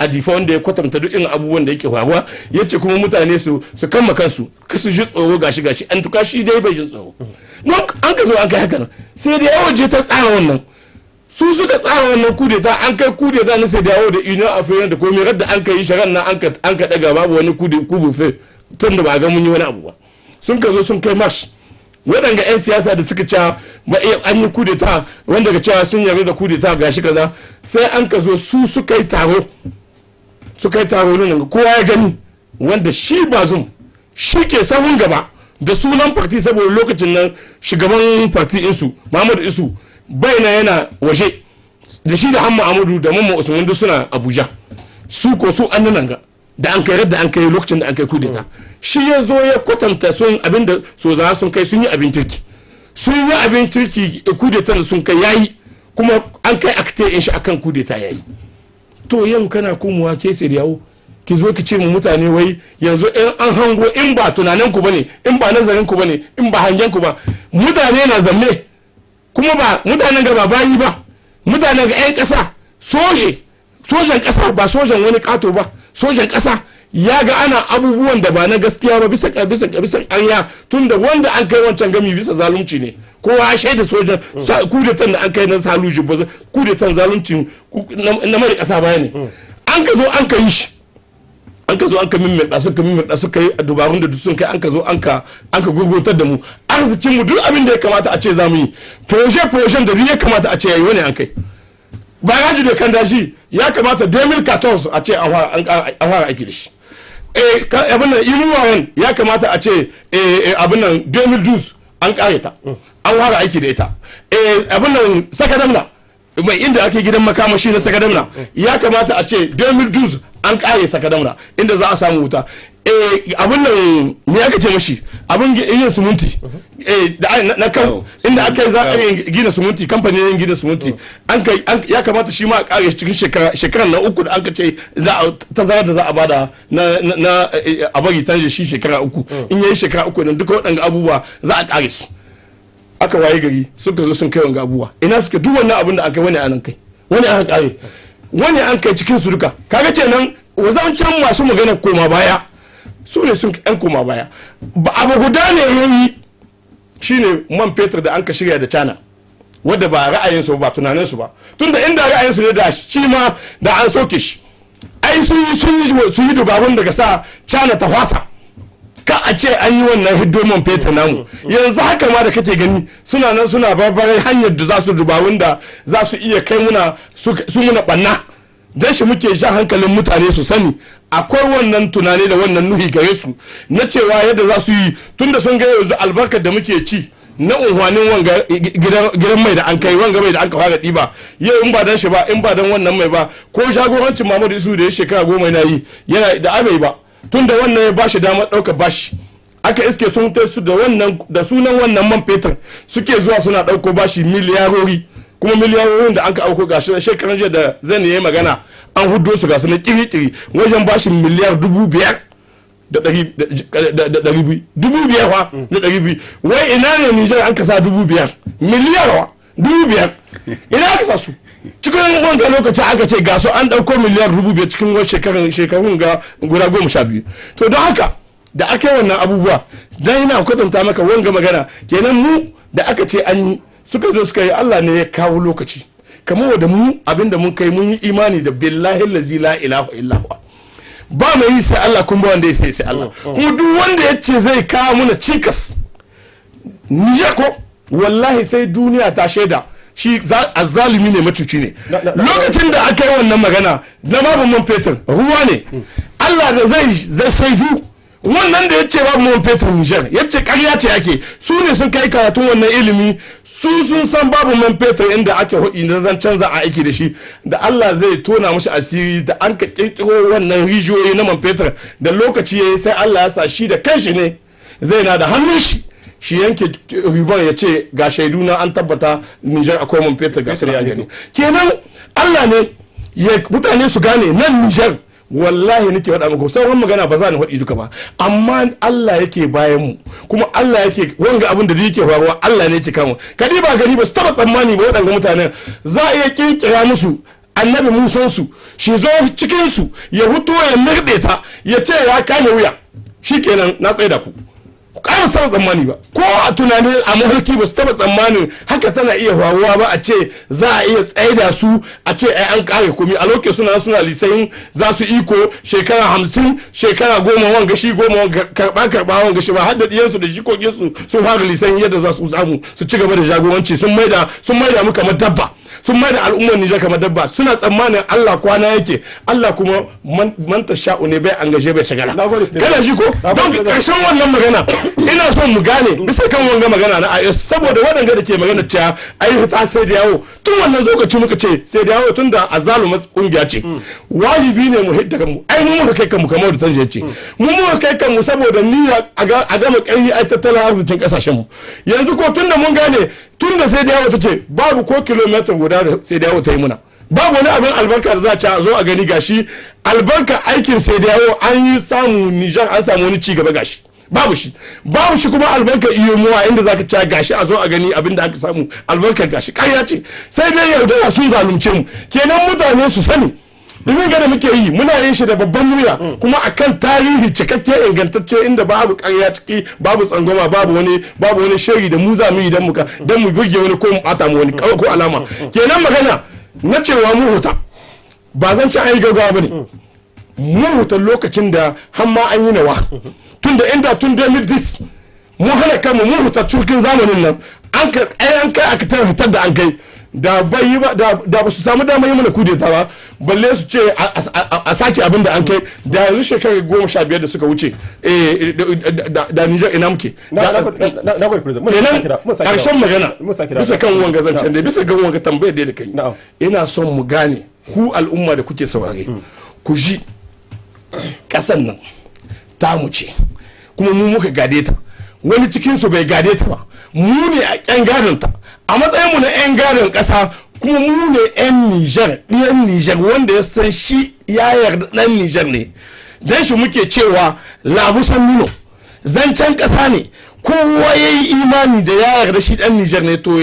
adife wanda ya kwatanta duk irin abubuwan da yake faruwa ya ce kuma mutane su su kama kansu kasu ji tsoro gashi gashi an tuka shi dai bai ji tsoro an ka zo an kai haka sai da yawo je ta tsara wannan su suka tsara wannan kudeta an kai kudeta na sai da yawo da union african da komai radda an kai sharan nan an ka daga babu wani kubu fe tun da ba ga mun yi wani abu ba sun ka zo sun kai march. waɗanda 'yan siyasa da suka ca an yi kudeta wanda ga cewa sun yarda da kudeta shi kaza sai an ka zo su suka yi taro suka yi taro nan kowa ya gani wanda shi ba bazum shi ke samun gaba da sunan farti saboda lokacin nan shugaban farti insu mahmud isu baina yana waje da shi da hamma amadu da mamman usman duk suna abuja su ko su an nan ga da an kai da an kai lokacin da an kai kudeta mm. shi ya zo ya kwatanta sun abin da so za sun kai sun yi abin kirki sun yi abin kirki eh, kudeta da sun kai yayi kuma an kai akte in shi akan kudeta yayi to yau kana komowa ke yawo ki zo ki ce mu mutane wai yanzu in an hango in ba tunanin ku bane in ba nazarin ku bane in ba hangen ku ba mutane na zamme kuma ba mutanen ga ba bayi ba mutanen ga 'yan ƙasa soje sojan ƙasa ba sojan wani ƙato ba sojan ƙasa ya ga ana abubuwan da ba na gaskiya ba bisa bisa bisa ƙarya tun da wanda an kai wancan gami bisa zalunci ne kowa ya shaida sojan kudetan da an kai na saluji ba kudetan zalunci na mara ƙasa baya ne an ka zo an ka yi shi an ka zo an ka mimmiɗa suka mimmiɗa suka yi dubarun da sun kai an ka zo an ka an ka da mu arzikin mu duk abin da ya kamata a ce za mu yi proje projen da duk ya kamata a ce yayi wani an kai baraji da kandashi ya kamata 2014 a ce a fara aiki da shi eh, abin nan imuwayen ya kamata a ce eh, eh, abin nan 2012 an kare ta an fara aiki da ita abin nan sakadamna mai inda ake gidan makamashi na sakadamna ya kamata a ce 2012 an kare sakadamna inda za a samu wuta Eh, abin nan ne aka ce mashi abin yin sumunti eh, na kan inda aka yi zaɓen gina sumunti kamfanin gina sumunti ya kamata shi ma a ƙare cikin shekarar na uku da aka ce zara da za a bada na eh, a bari ta shi shekara uku in yayi shekara uku idan duka waɗanda abubuwa za a ƙare su aka waye gari suka zo sun kai wanga abubuwa ina suka duk wannan abin da aka wani anan kai wani an kare wani an kai cikin su duka kaga kenan wazancan masu magana koma baya su ne sun yan koma baya ba abu guda ne ya yi shi ne man fetur da an ka shirya da cana wadda ba ra'ayinsu ba tunaninsu ba tunda inda ra'ayinsu ne da shi ma da an soke shi ai sun yi sun yi su yi dubabun daga sa cana ta fasa ka a ce an yi wannan hiddo man fetur namu yanzu haka ma da kake gani suna nan suna barbarai hanyar da za su dubawun da za su iya kai muna su muna banna dan shi muke jan hankalin mutane su sani akwai wannan tunani da wannan nuhi gare su na cewa yadda za su yi tunda sun ga yanzu albarkar da muke ci na unhwanin wanga gidan mai da an kai wanga mai da an kawo ɗiba yau in ba dan shi ba in ba dan wannan mai ba ko jagorancin Muhammadu Isu da ya shekara goma na yi yana da abai ba tunda wannan ya bashi damar ɗaukar bashi aka iske sun su da da sunan wannan man fetur suke zuwa suna ɗauko bashi miliyarori kuma miliyoyin da an ka auko gashi na shekaran jiya da zan yi magana an hudo su gasu na kiri-kiri wajen bashi miliyar dubu biyar da ɗari biyu dubu biyar wa mm. da ɗari biyu wai ina ne nijar an kasa dubu biyar miliyar wa dubu biyar ina aka sa su cikin wanda lokaci aka ce gasu an ɗauko miliyar dubu biyar cikin shekarun shekarun ga guda goma sha biyu to don haka da ake wannan abubuwa dan yana kwatanta maka wanga magana kenan mu da aka ce an yi suka zo suka yi Allah ne ya kawo lokaci kamar wanda mu abinda mun kai mun yi imani da billahi lazi la ilaha illa ba mai yi sai Allah kun ba wanda ya sai sai Allah mm, mm. kuma duk wanda ya ce zai kawo muna cikas nijar ko wallahi sai duniya ta shaida shi azalimi ne macuci ne lokacin da aka yi wannan magana na babu man fetur ruwa ne mm. Allah da zai shaidu wannan da ya ce babu man fetur nijar ya ce karya ce ake su ne sun kai karatun wannan ilimi su sun san babu man fetur inda ake hudu na zan canza a aiki da shi da allah zai tona mashi asiri da an ka kirkiro wannan rijiyoyi na man fetur da lokaci ya yi sai allah ya sa shi da kanshi ne zai na da hannun shi shi yanke ribon ya ce ga shaidu na an tabbata nijar akwai man fetur ga kenan allah ne ya mutane su gane nan nijar wallahi nake faɗa muku sauran magana ba za ni faɗi duka ba amma Allah yake bayan mu kuma Allah yake wanga abin da yake faruwa Allah ne yake kama kadi ba gani ba su taba tsammani ba waɗanda mutanen za a iya kirkira musu annabi musan su shi zo cikin su ya huto ya mirɗe ta ya ce ya kame wuya shikenan na tsaida ku ƙara saba tsammani ba ko a tunani a mafarki ba su taba tsammanin haka tana iya faruwa ba a ce za a iya tsaida su a ce ai an kare komi a lokacin suna suna lisayin za su iko shekara hamsin shekara goma wanga shi goma wan karba karba wanga shi ba har da ɗiyansu da jikokinsu sun fara lisayin yadda za su samu su ci gaba da jagoranci sun maida sun maida mu kamar dabba sun mai da al'ummar Nijar kamar dabba suna tsammanin Allah kwana yake Allah kuma manta sha'u ne bai angaje bai shagala kana shi ko don karshen wannan magana ina son mu gane mm. bisa kan wanga magana na IS saboda waɗanda da ke magana cewa ai ta sai da yawo tun wannan lokaci muka ce sai da yawo tun da azaluma kungiya ce mm. wajibi ne mu hidda kanmu ai mu muka kai kanmu kamar da tanje ce mm. mu muka kai kanmu saboda niyya a gama kai ai tattalin arzikin kasashen mu yanzu ko tun da mun gane tun da sai da yawo ce babu ko kilomita guda da sai da yawo ta yi muna babu wani abin albarka da za a zo a gani gashi albarka aikin sai da yawo an yi samu nijar an samu wani cigaba gashi babu shi babu shi kuma albarka iyo muwa inda za ka gashi a zo a gani abin da aka samu albarkar gashi ƙarya ce sai dai yaudara sun zalunce mu kenan mutane su sani domin ga da muke yi muna yin shi da babban murya kuma akan tarihi cikakke ingantacce inda babu ƙarya ciki babu tsangwama babu wani babu wani shiri da mu za mu yi dan muka dan mu goge wani ko mu bata mu wani ko alama kenan magana na cewa mu huta ba zan ci an yi gaggawa bane mu huta lokacin da har ma an yi nawa tunda inda tun 2010 mu hana kanmu mu huta cikin zamanin nan an ka an kai aka fitar da an kai da bai yi da ba su samu damar yi mana kudeta ba balle su ce a sake abin da an kai da yanzu shekaru goma sha biyar da suka wuce eh, da Nijar ina muke kenan karshen magana bisa kan wanga zancen da bisa kan wanga tambayar da kai ina son mu gane ku al'umma da kuke saurare hmm. ku ji kasan nan mu ce kuma mu muka gade ta wani cikinsu bai gade ta ba mu ne a kyan gadon ta a matsayin mu na 'yan gadon ƙasa kuma mu ne 'yan nijar ɗiyan nijar wanda ya san shi ya yarda ɗan nijar ne don shi muke cewa labusan nuno zancen ƙasa ne kowa ya yi imani da ya yarda shi ɗan nijar ne to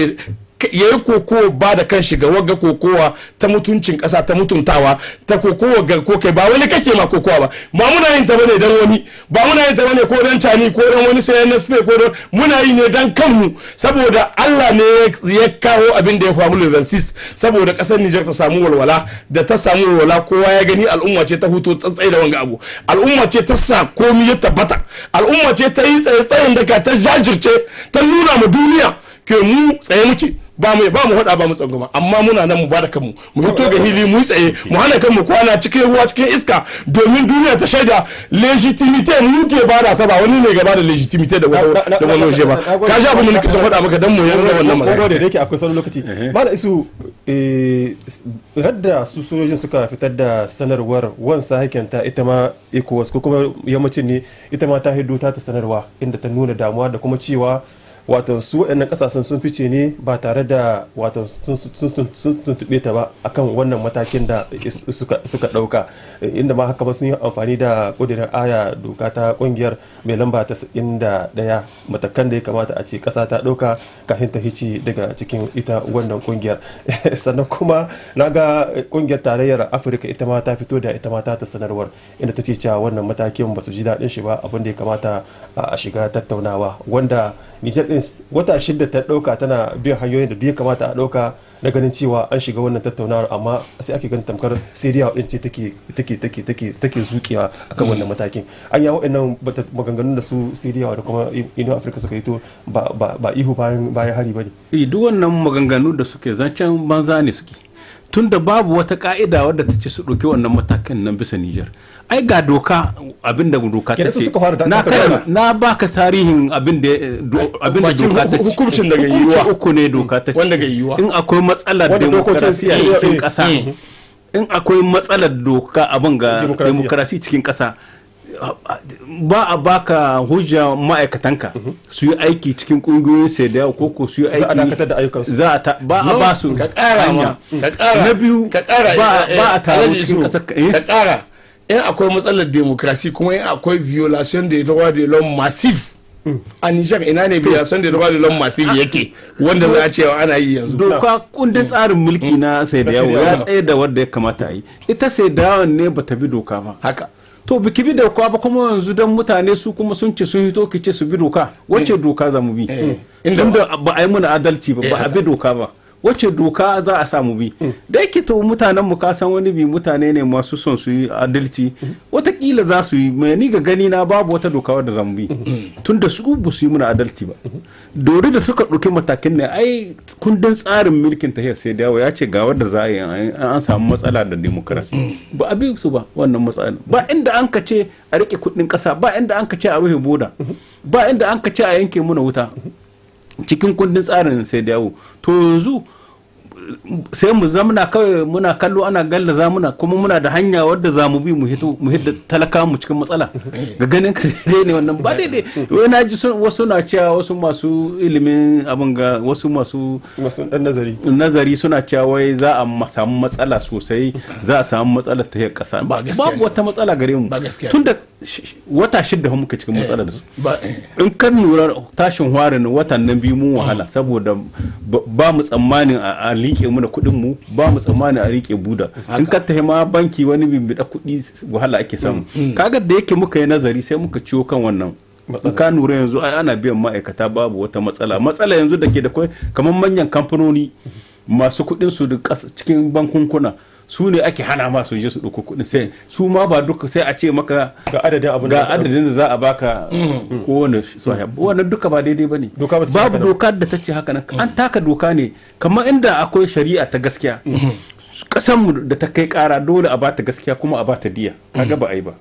ya yi kokowa ba da kan shiga wagga kokowa ta mutuncin kasa ta mutuntawa ta kokowa ga kokai ba wani kake ma kokowa ba ma muna yin ta bane dan wani ba muna yin ta bane ko dan cani ko dan wani sai na spain ko dan muna yi ne dan kanmu saboda Allah ne ya kawo abin da ya faru Liverpool saboda kasar Niger ta samu walwala da ta samu walwala kowa ya gani al'umma ce ta huto tsatsai da wanga abu al'umma ce ta sa komai ya tabbata al'umma ce ta yi tsaye tsayin daga ta jajirce ta nuna ma duniya ke mu tsaye muke ba mu ba mu hada ba mu tsangwama amma muna nan mu bada kanmu mu hito ga hili mu tsaye mu hana kanmu kwana cikin ruwa cikin iska domin duniya ta shaida legitimite mu ke bada ta ba wani ne gaba da legitimite da wani waje ba ka sha abin da nake hada maka dan mu yarda wannan magana da yake akwai sanin lokaci mala isu eh, radda su sojojin suka fitar da sanarwar wansa ta ita ma ECOWAS ko kuma yammacin ne ita ma ta hiddo ta sanarwa inda ta nuna damuwa da kuma cewa wato su waɗannan ƙasashen sun fice ne ba tare da wato sun tuntube ta ba akan wannan matakin da suka ɗauka inda ma haka ba sun yi amfani da kudirin aya doka ta kungiyar mai lamba ta ɗaya matakan da ya kamata a ce kasa ta ɗauka kafin ta hici daga cikin ita wannan kungiyar sannan kuma na ga kungiyar tarayyar afirka ita ma ta fito da ita ma ta sanarwar inda ta ce cewa wannan matakin ba su ji daɗin shi ba abin da ya kamata a shiga tattaunawa wanda nijar ɗin wata shida ta ɗauka tana biyan hanyoyin da duk ya kamata a ɗauka na ganin cewa an shiga wannan tattaunawar amma sai ake ganin tamkar siriya din ce take take take take akan wannan matakin an yawo ina maganganun da su siriya da kuma ino afirka suka yi to ba ihu bayan bayan hari bane eh, duk wannan maganganu da suke zancen banza ne suke tunda babu wata ka'ida wadda ta ce su ɗauki wannan matakan nan bisa Nijar. ai ga doka abin da doka ta ce na kai na baka tarihin abin da abin da doka ta ce hukuncin daga yiwuwa uku ne doka ta ce wanda ga yiwuwa in akwai matsalar demokrasiya cikin kasa eh, eh. in akwai matsalar doka abin ga demokrasi cikin kasa ba a baka hujja ma'aikatanka su yi aiki cikin kungiyoyin sai yau ko su yi aiki za a ta ba a ba su ka kara ma ka kara na biyu ba a eh, taro cikin kasa. ka kara in akwai matsalar demokrasi kuma in akwai violation da ya de l'homme massif a nijar ina ne violation da ya de l'homme massif yake wanda za a cewa ana yi yanzu doka kundin tsarin mulki na sai da yawo ya tsaye da wanda ya kamata ayi yi ita sai da yawon ne ba ta bi doka ba haka to biki bi da kwa ba kuma yanzu don mutane su kuma sun ce sun hito ki ce su bi doka wacce doka za mu bi eh, inda ba a yi mana adalci ba ba a eh, bi doka ba wacce doka za a samu bi hmm. da yake to mutanen mu kasan wani bi mutane ne masu son su yi adalci hmm. watakila za su yi mai ni ga gani na babu wata doka wadda zamu bi hmm. tun da su ba su yi muna adalci ba dori da suka ɗauki matakin ne ai kundin tsarin mulkin tahiyar sai dawo ya ce ga wadda za a yi an samu matsala da demokarasi ba a bi su ba wannan matsala ba inda an ka ce a rike kuɗin ƙasa ba inda an ka ce a rufe boda ba inda an ka ce a yanke muna wuta cikin kundin tsarin sai da yawo to yanzu sai mu zamana kawai muna kallo ana galla zamuna kuma muna da hanya wadda za mu bi mu hidda talaka mu cikin matsala ga ganin ka daidai ne wannan ba daidai wai na ji wasu na cewa wasu masu ilimin abin ga wasu masu nazari nazari suna cewa wai za a samu matsala sosai za a samu matsala ta yi kasa ba wata matsala gare mu tun da wata shidda hun muka cikin matsala da su eh, eh. in kan lura tashin warin watan nan biyu mun wahala mm. saboda ba mu tsammanin a liƙe mu da kuɗin mu ba mu tsammanin a rike buda in ka tafi ma banki wani bimbida kuɗi wahala ake samu mm, mm. kaga da yake muka yi nazari sai muka ciwo kan wannan in ka lura yanzu ai ana biyan ma'aikata babu wata matsala matsala yanzu da ke da kamar manyan kamfanoni masu kuɗin su cikin bankunkuna su ne ake hana ma su je su ɗauko kuɗin sai su ma ba duka sai a ce maka ga adadin abin ga adadin da za a baka mm. kowane soya mm. wannan duka ba daidai bane babu doka da ta ce haka nan an mm. taka doka ne kamar inda akwai shari'a ta gaskiya kasanmu da ta kai kara dole a bata gaskiya kuma a bata diya kaga ba ai ba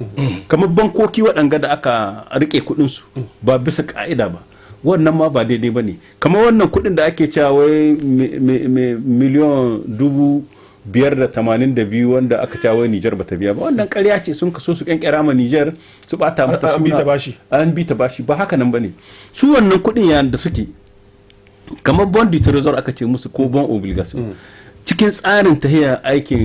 kamar bankoki waɗanga da aka rike su. ba bisa ka'ida ba wannan ma ba daidai ba ne kamar wannan kuɗin da ake cewa wai miliyan dubu biyar da tamanin da biyu wanda aka cawo Nijar bata biya ba wannan karya ce sun kaso su kyankyara ma Nijar su bata mata suna an bi ta bashi an bi ta bashi ba haka nan bane su wannan kudin yayin da suke kamar bond de trésor aka ce musu ko bon obligation mm. cikin tsarin ta hiyar aikin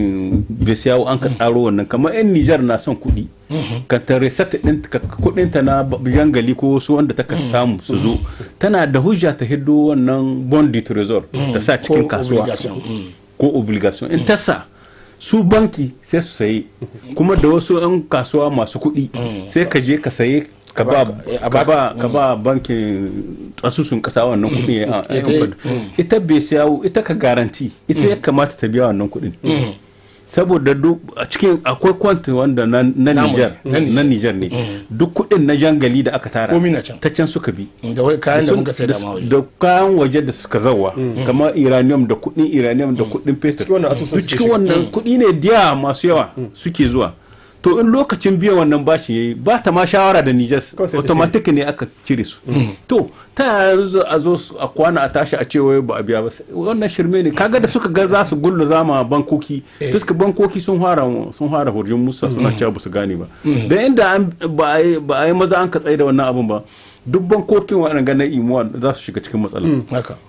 besiyawo an ka tsaro wannan kamar yan nijar na son kudi. Mm-hmm. ka ta reset kudin ta na jangali ko wasu wanda ta ka mm. samu su zo mm-hmm. tana da hujja ta hiddo wannan bond de trésor ta mm. sa cikin kasuwa ko obligation in tasa su banki sai su sayi kuma da wasu 'yan kasuwa masu kuɗi mm. sai ka je ka saye ka ba mm. bankin asusun kasa wannan kuɗi mm. ita bai siyawu ita ka garanti ita ya kamata ta biya wannan kuɗin saboda duk a cikin akwai kwant wanda na nijar na ne mm. duk kudin na jangali da aka tara ta can suka bi da kayan waje da suka zawa mm. mm. kamar uranium da kudin uranium da kudin paste duk cikin wannan kudi ne diya masu yawa suke zuwa to in lokacin biya wannan bashi yi ba ta ma shawara da nijas automatic ne aka cire su mm. to ta yanzu a zo a kwana a tashi a ce wai ba a biya ba wannan shirme ne kaga da suka ga za su gullu zama bankoki eh. suka bankoki sun fara sun fara hurjin musa suna mm. cewa ba su gane ba mm. da inda ba a yi maza an ka tsaye da wannan abun ba duk bankokin waɗanda ganin imuwa za su shiga cikin matsala mm,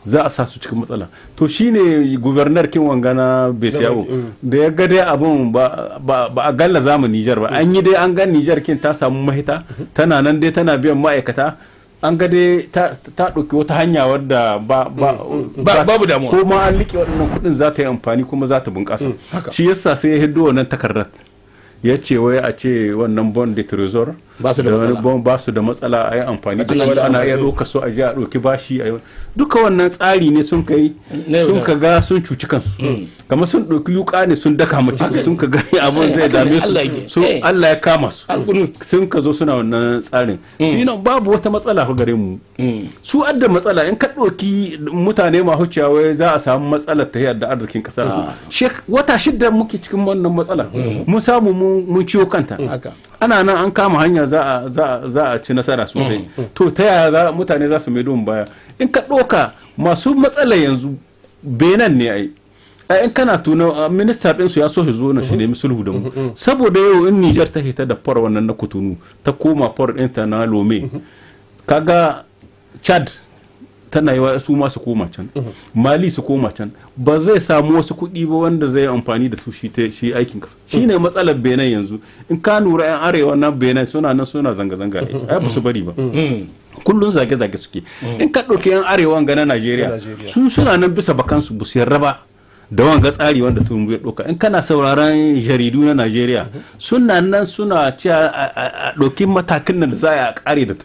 za a sa su cikin matsala to shine gubernar kin wangana besiyawo mm. da ya ga dai abin ba a galla zamu nijar ba an yi dai an gan nijar kin ta samu mahita tana nan dai tana biyan ma'aikata an ga dai ta ɗauki wata hanya wadda mm, ba babu damuwa ko ma an liƙe waɗannan kuɗin za ta yi amfani kuma za ta bunƙasa shi yasa sai ya hiddo wannan takardar ya ce wai a ce wannan bond de trésor ba su da wani bon ba su da matsala a yi amfani da shi ana iya roka so a je a roki bashi a duka wannan tsari ne sun kai sun ka ga sun cuci kansu mm. kamar sun ɗauki yuka ne sun daka mu sun ka ga abin zai dame su sun eh. Allah ya kama su sun ka zo suna wannan tsarin mm. shi nan babu wata matsala ku gare mu mm. su adda matsala in ka ɗauki mutane ma huciyawa za a samu matsala ta yadda arzikin kasar ah. wata shidda muke cikin wannan matsala mun samu mun ciwo kanta ana nan an kama hanya za a ci nasara sosai mm, mm. to ta yaya mutane za su maido baya in ka ɗoka masu matsalar yanzu benin ne ai in kana tuna minista ɗin su ya so shi zo na shi mm-hmm. nemi sulhu da mu mm-hmm, mm. saboda yau in Nijar ta hita da far wannan na kutunu ta koma far ɗinta na lome mm-hmm. kaga chad tana yi su ma su koma can mhm. mali su koma can ba zai samu wasu kuɗi ba wanda zai amfani da su shi shi aikin kasa mhm. shi ne matsalar benin yanzu in ka nura yan arewa na benin suna nan suna zanga-zanga mhm. ai ba su bari ba mm. kullun zage-zage suke in ka ɗauki yan arewa ga na najeriya su suna nan bisa bakansu ba su yarda ba da wanga tsari wanda tun ya ɗauka in kana sauraron jaridu na najeriya suna nan suna cewa a ɗauki matakin da za a kare da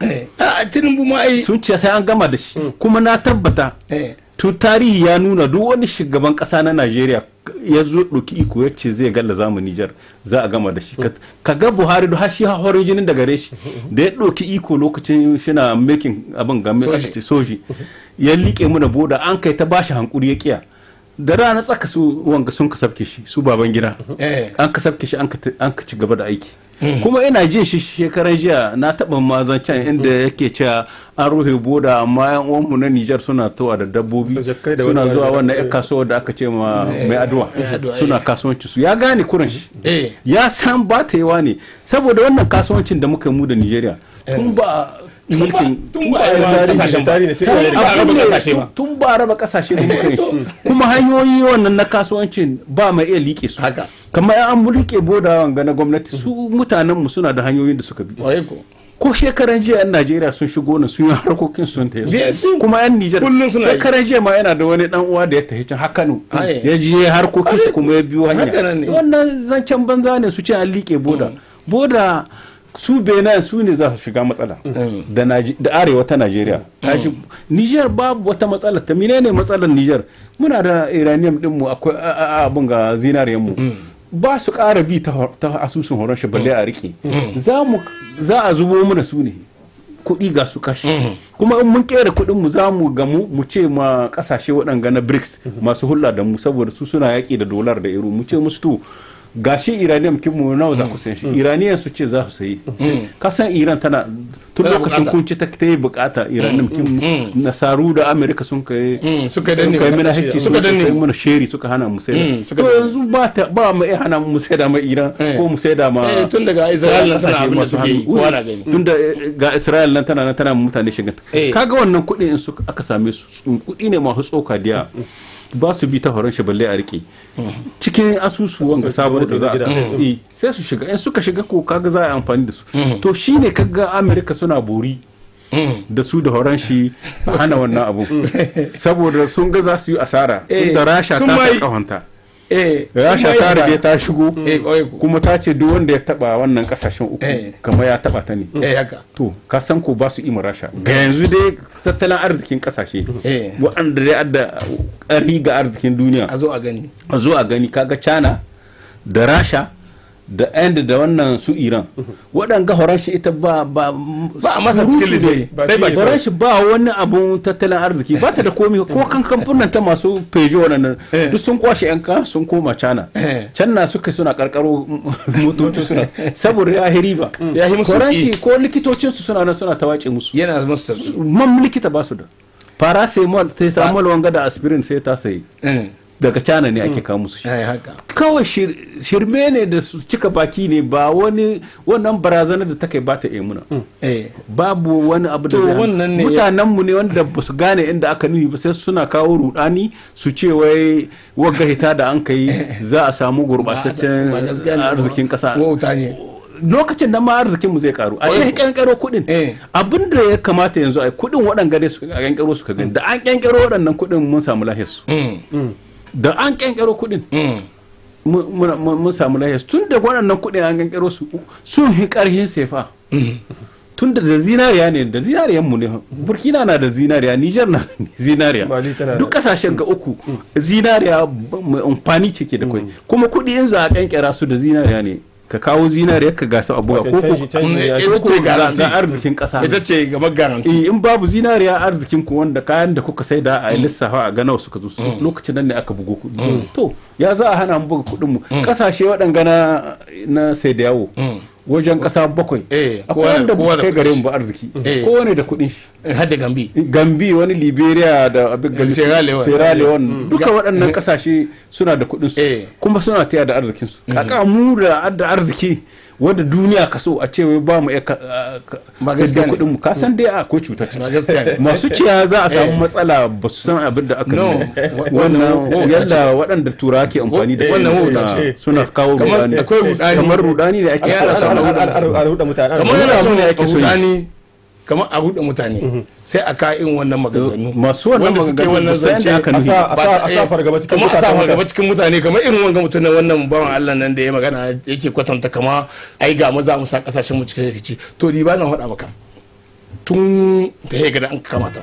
eh, a tinubu ma yi sun ce sai an gama da shi mm. kuma na tabbata eh. to tarihi ya nuna duk wani shugaban kasa na najeriya ya zo ɗauki iko ya ce zai galla zamu Nijar za a gama da shi ka ga Buhari da har shi horin jinin daga gare shi da ya ɗauki iko lokacin shina making abin game soji ya liƙe mana boda an kai ta bashi hankuri ya kiya da rana tsaka su wanga sun kasafke shi su baban gida eh. an kasafke shi an ka ci gaba da aiki eh. kuma ina jin shi shekaran jiya na taɓa mazan can eh. inda yake cewa an ruhe boda amma yan uwanmu na Nijar suna zuwa da dabbobi suna zuwa wannan yan kasuwar da aka ce ma mai aduwa suna kasuwanci su ya gane kuran shi ya san ba ta yawa ne saboda wannan kasuwancin da muka mu da Nijeriya tun ba mulkin tun ba raba kasashen ba tun ba kasashe kuma hanyoyi wannan na kasuwancin ba mai iya liƙe su haka kamar an mulke boda wanga na gwamnati su mutanenmu suna da hanyoyin da suka bi ko shekaran jiya 'yan najeriya sun shigo na sun yi harkokin sun ta yanzu kuma 'yan nijar shekaran jiya ma yana da wani dan uwa da ya tafi can haka nu ya je harkokin su kuma ya biyo hanya wannan zancen banza ne su ce an liƙe boda mm. boda su bena su ne za su shiga matsala mm. da arewa ta najeriya mm. niger babu wata matsala ta ne matsalar niger muna da iranium dinmu akwai abin ga zinariyan mu mm. ba su ƙara bi ta asusun horon shi balle a rike za a zubo mana su ne kuɗi ga su kashi kuma in mun kera kuɗin mu za mu gamu mu ce ma kasashe waɗanga na brics masu hulɗa da mu saboda su suna yaƙi da dolar da iru mu ce musu to gashi iranian mu nawa za ku mm. sayan shi mm. iranian su ce za su sayi mm. ka san iran tana tun lokacin kunci ta ta yi bukata iranian kinmu nasaru da amerika sun kai suka danne kai mana hakki suka danne mana sheri suka hana mu sai to yanzu ba ta ba mu iya hana mu sai da ma iran eh. ko mu sai da ma eh, tun daga israel nan tana abin da suke yi ko ana gani tun da eh, ga israel nan tana nan tana mutane shiga kaga wannan kuɗin in suka aka same su kuɗi ne masu tsoka diya ba su bi ta horon shi balle a rike cikin asusu ga sabon da za a mm. eh, sai su shiga in suka shiga ko kaga za a yi amfani da su mm. to shi shine kaga amerika suna bori mm. da su da horon shi hana wannan abu saboda sun ga za su yi asara eh, da rasha ta sa kawanta rasha ta rige ta shigo mm. eh, kuma ta ce duk wanda ya taba wannan kasashen uku eh. kamar ya taba ta ne mm. eh, to ka san ko ba su ima rasha ga mm. yanzu dai tattalin arzikin kasashe waɗanda dai adda ƙari ga arzikin duniya a zo a gani a zo a gani kaga china da rasha da end da wannan su iran waɗanga horon ita ba ba a masa cikin lise sai ba horon ba wani abun tattalin arziki ba ta da komi ko kan kamfunan ta masu peji wannan eh. duk sun kwashe yan ka sun koma eh. cana na suka suna karkaro motoci suna saboda ya hiri ba horon ko likitocin su suna nan suna tawace musu yana musu man likita ba su da paracetamol sai samuel wanga da aspirin sai ta sayi eh. daga cana ne ake mm. kawo musu shi kawai shirme ne da su cika baki ne ba wani wannan barazanar da ta kai ba ta yi muna mm. eh. babu wani abu da zai mutanen mu ne wanda ba su gane inda aka nuni ba sai suna kawo rudani su ce wai wagga hita da an kai eh. za a samu gurbataccen arzikin kasa lokacin da ma arzikinmu zai karu a yi kankaro kudin eh. abin da ya kamata yanzu a kudin waɗanda su a kankaro su ka gani da an kankaro waɗannan kudin mun samu lahiyar mm. da an kyankyaro kuɗin mm. mun samu lahiyar tun da waɗannan kudin an kyankyaro su sun hi ƙarhin sefa mm. tun da zinariya ne da zinariyan mu ne burkina na da zinariya niger na zinariya duk kasashen ga uku mm. zinariya mai amfani ce ke da kai kuma kuɗi in za a kyankyara su da zinariya ne ka kawo zinariyar ka gasa a koko ko ko eh, arzikin kasa ita ce gaba garanti eh, in babu zinariya arzikin ku wanda kayan da kuka saida a mm. lissafa a ganawa suka zo mm. lokacin nan ne aka bugo kuɗi mm. to ya za a hana mu buga kuɗin mu kasashe waɗanga na sai da yawo wajen kasa bakwai eh, akwai wanda ba kai gare mu ba arziki eh. kowane da kuɗin shi eh, hadda gambi gambi wani liberia da abin gali sierra leone mm. duka waɗannan kasashe suna da kuɗin su kuma suna taya da arzikin su mm. kaka mu da arziki wadda duniya ka so a ce wai ba mu gaskiya kudin mu ka san dai ko cuta ce masu ciya za a samu eh. matsala ba su san abin da aka yi wannan yalla waɗanda turawa ke amfani da wannan suna kawo rudani kamar rudani da ake so a rudani mutane kamar yana kamar a buɗe mutane sai a ka'in wannan maganganu masu wannan maganganu wannan zance a sa fargaba cikin mutane kamar a sa fargaba cikin mutane kamar irin wanga mutum na wannan bawan Allah nan da ya magana yake kwatanta kama ai ga mu za mu sa kasashen mu cikin rikici to ni ba zan faɗa maka tun ta ya gada an kamata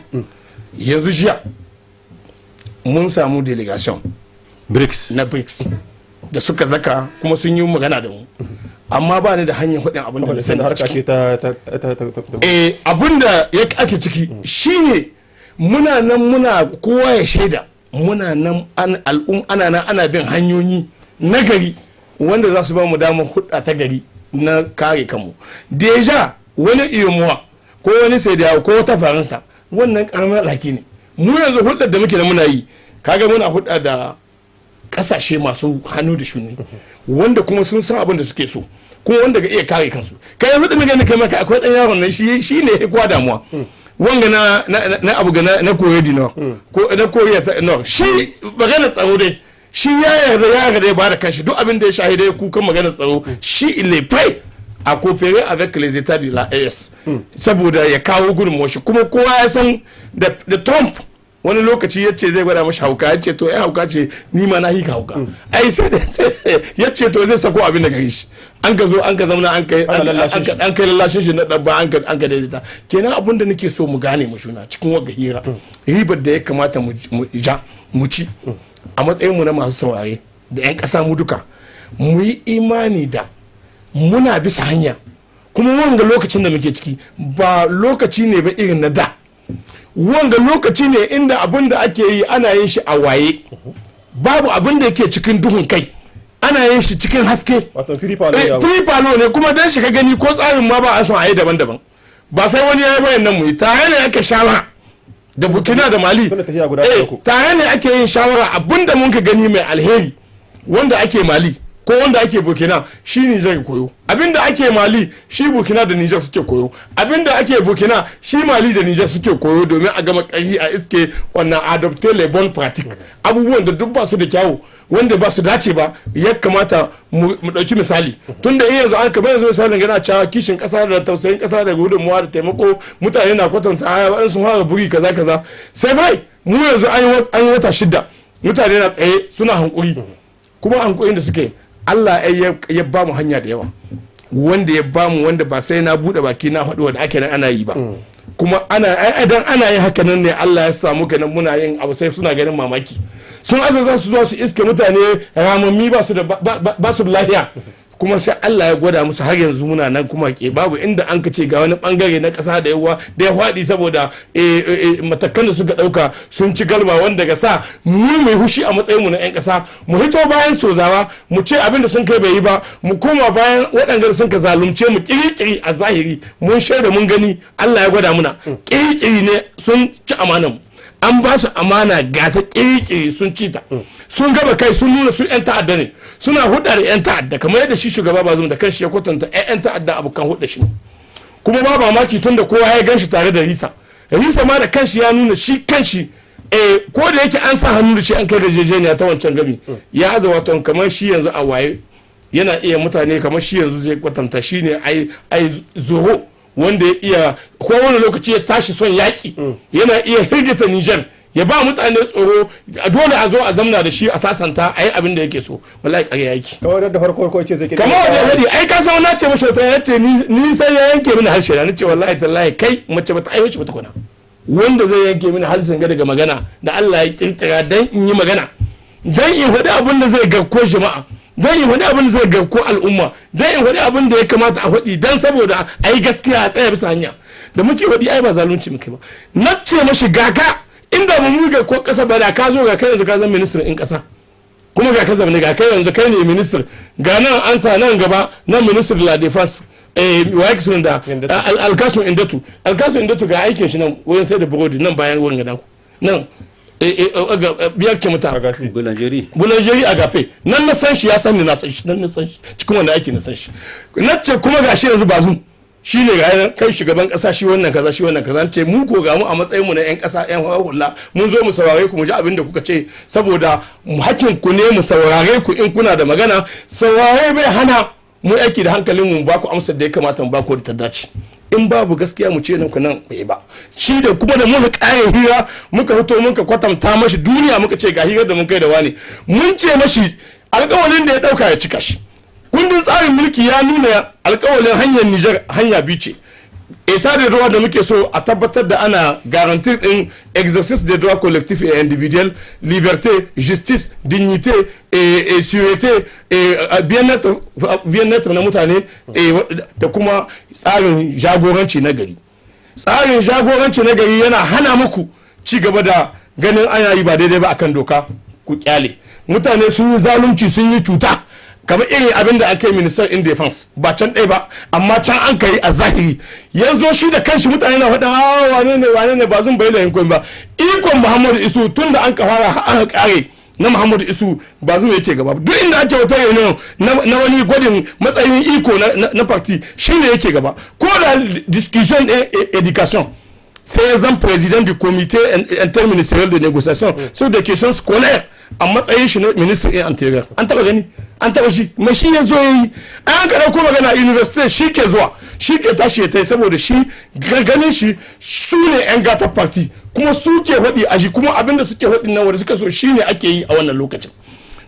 yanzu jiya mun samu delegation brics na brics da suka zaka kuma sun yi magana da mu amma ba ni da hanyar faɗin abin da sani ta ciki eh abin da ya ake ciki shine muna nan muna kowa ya shaida muna nan al'um ana nan ana bin hanyoyi na gari wanda za su ba mu damar hudda ta gari na kare kanmu deja wani iyamuwa ko wani sai da ko wata faransa wannan karamin alhaki ne mu yanzu hudda da muke da muna yi kaga muna hudda da kasashe masu hannu da shuni wanda kuma sun san abin da suke so kuma wanda ga iya kare kansu kai yanzu din ganin kai maka akwai dan yaron nan shi shi ne kwa damuwa hmm. wanga na na abu ga na koyi dino hmm. ko na no shi magana tsaro dai shi ya yarda ya dai ba da kashi duk abin da ya shahida ya kukan magana tsaro hmm. shi ile fai a kofere avec les états de la AS saboda ya kawo gudunmuwa shi kuma kowa ya san da Trump wani lokaci ya ce zai gwada mashi hauka ya ce to ya hauka ce ni ma na hika hauka ai sai da ya ce to zai sako abin da gari shi an ka zo an ka zamana an kai an kai lallashin shi na dabba an ka an ka daidaita kenan abin da nake so mu gane mu shuna cikin wa hira ribar da ya kamata mu ja mu ci a matsayin mu na masu saurare da yan kasa mu duka mu yi imani da muna bisa hanya kuma wanga lokacin da muke ciki ba lokaci ne ba irin na da wanda lokaci ne inda abin da ake yi ana yin shi a waye babu abin da yake cikin duhun kai ana yin shi cikin haske free eh, ne kuma dan shi ka gani ko tsarin ma ba a son ayi yi daban-daban ba sai wani ya yi bayan nan mu yi tare ne ake shawara da burkina da mali eh, tare ne ake yin shawara abin da mun ka gani mai alheri wanda ake mali ko wanda ake burkina shi nijar koyo abinda ake mali shi burkina da nijar suke koyo abinda ake burkina shi mali da nijar suke koyo domin a gama kari a iske wannan adopte le bon pratique abubuwan da duk ba su da kyawu wanda ba su dace ba ya kamata mu ɗauki misali tun da yanzu an kamar yanzu misalin gana cewa kishin ƙasa da tausayin ƙasa da gudunmuwa da taimako mutane na kwatanta a waɗansu sun fara buri kaza kaza sai fai mu yanzu an yi wata shida mutane na tsaye suna hankuri kuma hankurin da suke Allah ya ba mu hanya da yawa wanda ya ba mu wanda ba sai na bude baki na faɗi wanda ake nan ana yi ba mm. kuma ana idan ana yin haka nan ne Allah ya samu kenan muna yin abu sai suna ganin mamaki sun aza za su zuwa su iske mutane ramammi ba su da lahiya kuma sai Allah ya gwada musu har yanzu muna nan kuma ke babu inda an ka ce ga wani bangare na kasa da yawa da ya faɗi saboda eh, eh, eh, matakan da suka ɗauka sun ci galba wanda ga sa mu mai hushi a matsayin mu na 'yan kasa mu hito bayan sozawa mu ce abin da sun kai bai yi ba mu koma bayan waɗanda sun ka zalunce mu kirkiri a zahiri mun shaida mun gani Allah ya gwada muna kirkiri mm. ne sun ci amanan mu an ba su amana ga ta kirkiri sun ci ta mm. sun gaba kai sun nuna su yan ta'adda ne suna hudda da yan ta'adda kamar yadda shi shugaba bazum da kan shi ya kwatanta yan ta'adda kan hudda shi kuma ba mamaki tun da kowa ya ganshi tare da risa risa ma da kanshi ya nuna shi kanshi eh ko da yake an sa hannu da shi an kai ya ta wancan gami mm. ya aza wato kamar shi yanzu a waye yana iya mutane kamar shi yanzu zai kwatanta shi ne ai wanda ya iya ko wani lokaci ya tashi son yaƙi mm. yana iya hirgita Nijar ya ba mutane tsoro dole a zo a zamna da shi a sasanta a yi abin da yake so wallahi a yaki kamar da farko ko ce zai kamar da hadi ai ka san na ce mashi ta ce ni sai ya yanke mini harshe na ce wallahi tallahi kai mace bata aiwo shi bata kuna wanda zai yanke mini harshe ga daga magana da Allah ya kirkira dan in yi magana dan in faɗi abin da zai ga ko jama'a don in wani abin da zai ko al'umma dan yi wani abin da ya kamata a faɗi don saboda a yi gaskiya a tsaya bisa hanya da muke faɗi ai ba zalunci muke ba na ce mashi shiga ka inda mu mu ga ko ƙasa ba da ka zo ga kai yanzu ka zama ministan in ƙasa kuma ga ka zama ga kai yanzu kai ne minister ga nan an sa nan gaba nan minister la defense eh, yake sunan da alkasun indatu alkasun indatu ga aikin shi nan wayan sai da burodi nan bayan wurin naku nan Eh, eh, eh, biyar kimta bulanjeri a gafe nan na san shi ya san ni na san shi nan na san shi cikin wani aiki na san shi na ce kuma ga shi yanzu ba zun shi ne ga kai shugaban kasa shi wannan kaza shi wannan kaza ce mu ko ga mu a matsayin mu na yan kasa yan hawalla mun zo mu saurare ku mu ji abin da kuka ce saboda hakkin ku ne mu saurare ku in kuna da magana saurare bai hana mu aiki da hankalin mu ba ku amsar da ya kamata mu ba ku da ta dace in babu gaskiya mu ce nan ku nan bai ba shi da kuma da muka kare hira muka fito muka kwatanta mashi duniya muka ce ga hirar da mun kai da wani mun ce mashi alƙawarin da ya ɗauka ya cika shi kundin tsarin mulki ya nuna alƙawarin hanyar Nijar hanya biyu ce eta de droit da muke so a tabbatar da ana garantir din exercice des droits collectifs et individuels liberté justice dignité et, et sûreté et euh, bien-être na mutane euh, da kuma tsarin jagoranci na gari tsarin jagoranci na gari yana hana muku ci gaba da ganin ana yi ba daidai ba akan doka ku kyale mutane sun yi zalunci sun yi cuta kamar irin abin da ake minister in defense ba can ɗaya ba amma can an kai a zahiri yanzu shi da kanshi mutane na faɗa ah, wane ne wane ne ba zan bayyana yankon ba ikon muhammadu isu tun da an ka fara aka kare na muhammadu isu ba zan yake gaba duk inda ake wata reunion na wani gwadin matsayin iko na party shi ne yake gaba ko da discussion eh, eh, education sai ya zan president du comité interministériel de négociation sur des questions scolaires a matsayin shi na ministre ɗin an taba gani an taba shi mai shi ya zo yi an ka ɗauko magana university shi ke zuwa shi ke tashi ya ta saboda shi ganin shi su ne yan gata party kuma su ke faɗi a shi kuma abinda suke faɗi nan wanda suka so shi ne ake yi a wannan lokacin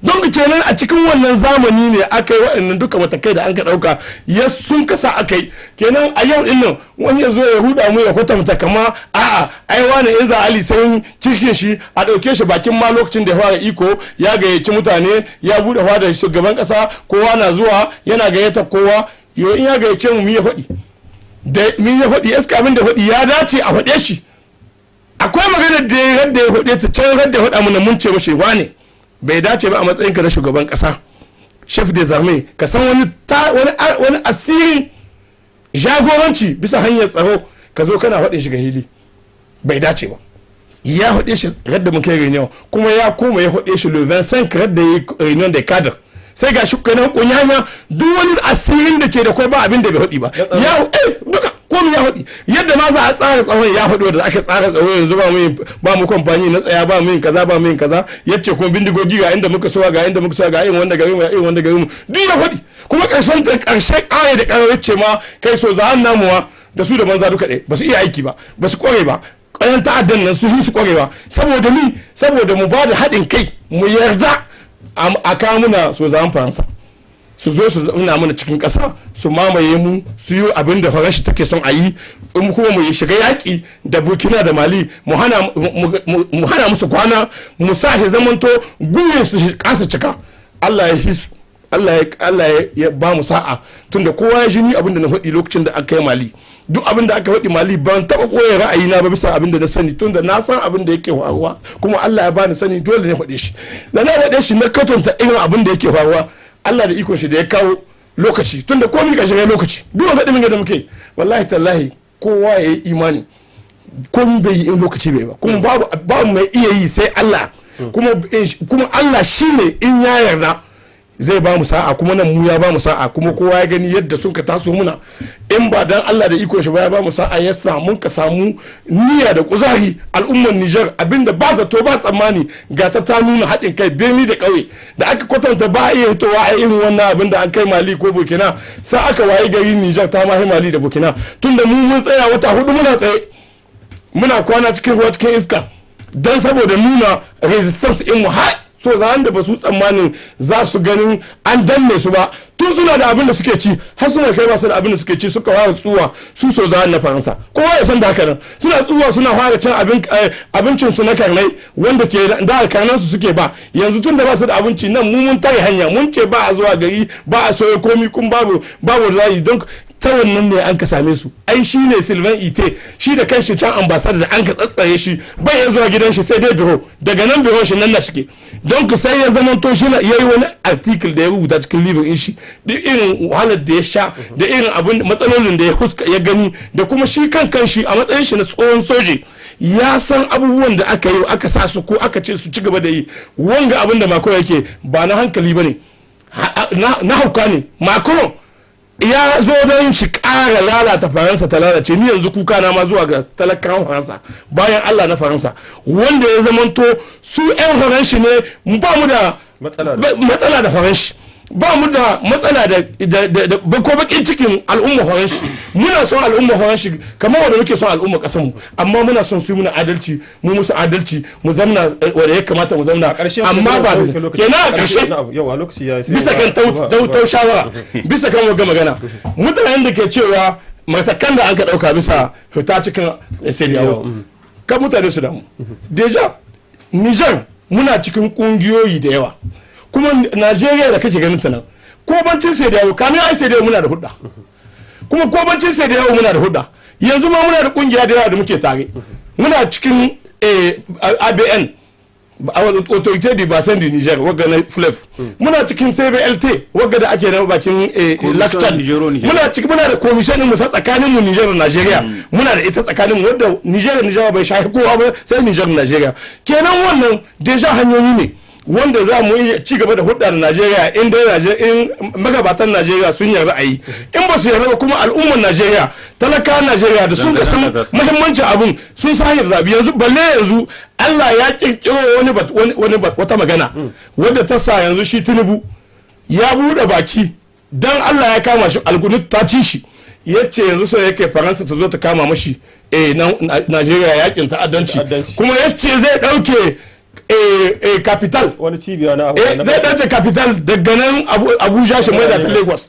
don kenan a cikin wannan zamani ne aka yi waɗannan duka matakai da an ka ɗauka ya sun kasa aka yi kenan a yau ɗin nan wani ya zo ya huda mu ya kwatanta kama a'a ai wani in za ali sai kirkin shi a ɗauke shi bakin ma lokacin da ya fara iko ya gayyaci mutane ya buɗe fada shugaban ƙasa kowa na zuwa yana gayyatar kowa yo in ya gayyace mu mi ya faɗi da mi ya faɗi iska abin da faɗi ya dace a faɗe shi akwai magana da ya radda ya faɗe ta can radda ya faɗa na mun ce mashi wane ne bai dace ba a matsayinka na shugaban kasa chef de zame ka san wani wani asirin jagoranci bisa hanyar tsaro ka zo kana faɗin shi ga hili bai dace ba ya faɗe shi radda mun kai reunion kuma ya koma ya faɗe shi le ka radda ya reunion da kadar sai ga shi kenan kunyanya duk wani asirin da ke da kwai ba abin da bai faɗi ba ya eh, duka komi ya faɗi yadda ma za a tsara tsawon ya hudu wadda aka tsara tsawon yanzu ba mu ba mu kwamfani na tsaya ba mu yin kaza ba mu yin kaza yace kuma bindigogi ga inda muka sowa ga inda muka sowa ga irin wanda gari mu irin wanda gari mu duk ya faɗi kuma karshen ta karshe kare da kare yace ma kai so za an namuwa da su da banza duka ɗaya ba su iya aiki ba ba su kore ba ƙayan ta'addan nan su yi su kore ba saboda ni saboda mu ba da haɗin kai mu yarda a kawo muna so za an faransa. su zo su zauna mana cikin ƙasa su mamaye mu su yi abin da farashi take son a yi in kuma mu shiga yaƙi da burkina da mali mu hana musu kwana mu sa shi zamanto guyin su kasa cika allah ya shi allah ya ba mu sa'a tunda kowa ya shi ni abin da na faɗi lokacin da aka yi mali duk abin da aka faɗi mali ban taɓa koya ra'ayi na ba bisa abin da na sani tun da na san abin da yake faruwa kuma Allah ya bani sani dole ne faɗe shi da na faɗe shi na katonta irin abin da yake faruwa Allah da ikon shi da ya kawo lokaci tunda komai ka shiga lokaci duk wanda ga da muke wallahi tallahi kowa ya yi imani komai bai yi in lokaci bai ba kuma babu babu mai iya yi sai Allah hmm. kuma kuma Allah shine in ya yarda zai ba mu sa'a kuma nan mu ya ba mu sa'a kuma kowa ya gani yadda sun ka taso muna in ba dan Allah da iko shi ba ya ba mu sa'a ya samu ka samu niyya da kuzari al'ummar Niger abinda ba zato ba tsammani ga ta ta nuna haɗin kai beni da ƙauye da aka kwatanta ba iya hitowa a irin wannan abin da an kai Mali ko Burkina sai aka waye gari nijar ta mahi Mali da Burkina tunda mu mun tsaya wata hudu muna tsaye muna kwana cikin ruwa cikin iska dan saboda nuna resistance in mu har so zan da ba su tsammanin za su ganin an danne su ba tun suna da abin da suke ci har suna kai su da abin da suke ci suka fara tsuwa su so za na faransa kowa ya san da haka nan suna tsuwa suna fara cin eh, abincin su na karnai wanda ke da karnan su suke ba yanzu tun da ba su da abinci nan mu mun tare hanya mun ce ba a zuwa gari ba a soya komi kun babu babu zai don ta wannan ne an ka same su ai shi ne silvan ite shi da kanshi can ambasada da an ka tsatsaye shi bai ya zuwa gidan shi sai dai biro daga nan biro shi nan na shige don ku sai ya zama to shi ya yi wani article da ya rubuta cikin livin in shi duk irin wahalar da ya sha da irin abin matsalolin da ya huska ya gani da kuma shi kan kanshi a matsayin shi na tsohon soje ya san abubuwan da aka yi aka sa su ko aka ce su ci gaba da yi wanga abin da mako yake ba na hankali ba ne na hauka ne mako. ya zo don shi ƙara lalata faransa ta lalace ni yanzu kuka na ma zuwa ga talakawan faransa bayan allah na faransa wanda ya zamanto su 'yan faranshi ne ba mu da matsala da faranshi ba mu da matsala da ko bakin cikin al'umma horon shi muna son al'umma horon shi kamar wanda muke son al'umma kasan mu amma muna son su muna adalci mu musu adalci mu zamna eh, wanda ya kamata mu zamna amma ba kenan a ƙarshe bisa kan shawara bisa kan waga magana mutanen da ke cewa matakan da an ka ɗauka bisa hita cikin eh, sediyawa mm-hmm. ka mutane su damu mm-hmm. deja nijar muna cikin kungiyoyi da yawa kuma najeriya da kake ganin ta nan ko bancin sai da yawo kamin ai sai da yawo muna da hudda kuma ko bancin sai da yawo muna da hudda yanzu ma muna da kungiya da yawa da muke tare muna cikin abn eh, autorité du bassin du niger wagga na flef e muna cikin cblt wagga da ake na bakin eh, lakcan muna cikin muna da komishonin mu ta tsakanin mu niger da nigeria hmm. muna da ita tsakanin mu wadda niger da nigeria bai shahi kowa ba sai niger da nigeria kenan wannan deja hanyoyi ne wanda za mu ci gaba da da najeriya in dai in magabatan najeriya sun yarda a yi in ba su yarda ba kuma al'ummar najeriya talaka najeriya da sun san muhimmancin abin sun sahir zabi yanzu balle yanzu allah ya kirkiro wani wata magana wadda ta sa yanzu shi tinubu ya buɗe baki dan allah ya kama shi algunut ta ci shi ya ce yanzu sai yake faransa ta zo ta kama mashi eh najeriya yakin ta'addanci kuma ya ce zai ɗauke Eh, eh capital e zai dace capital da nan abuja shi mai da ta lagos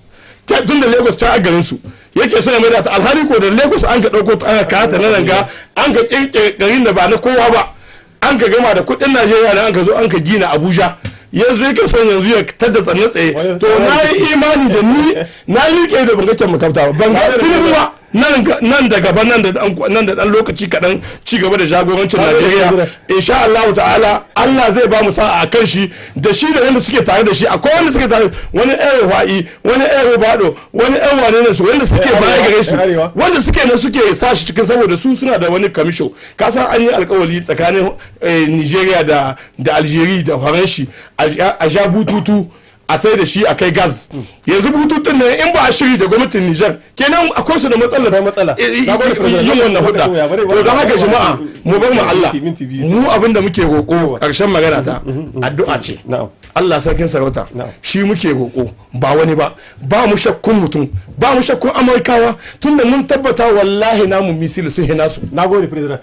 tun da lagos ta garin su yake so ya mai da ta alhali ko da lagos an ka dauko ta kata na ranga an ka kirkire garin da ba na kowa ba an ka gama da kudin najeriya da an ka zo an ka gina abuja yanzu yake son yanzu ya tada tsanne tsaye to na yi imani da ni na yi rike da bangaccen makamta ba ban ga tinubu ba nan da gaba nan da dan lokaci kaɗan ci gaba da jagorancin najeriya insha allah ta'ala allah zai ba mu sa'a a kan shi da shi da wanda suke tare da shi akwai wanda suke tare wani ɗan wani ɗan bado wani ɗan wane ne su wanda suke baya gare su wanda suke nan suke sa shi cikin saboda su suna da wani kamisho ka san an yi alkawali tsakanin eh, nigeria da da algeria da faranshi a sha bututu a tai da shi a kai gas yanzu bututun ne in ba a shiri da gwamnatin Nijar kenan akwai su da matsalar matsala eh, eh, yin wannan hudda to da haka jama'a mu bar mu Allah mu abin da muke roko karshen magana ta mm-hmm, mm-hmm, mm-hmm. addu'a ce Allah sarkin sarauta shi muke roko ba wani ba ba mu shakkun mutum ba mu shakkun amurkawa tunda mun tabbata wallahi namu misil sun hina su nagode president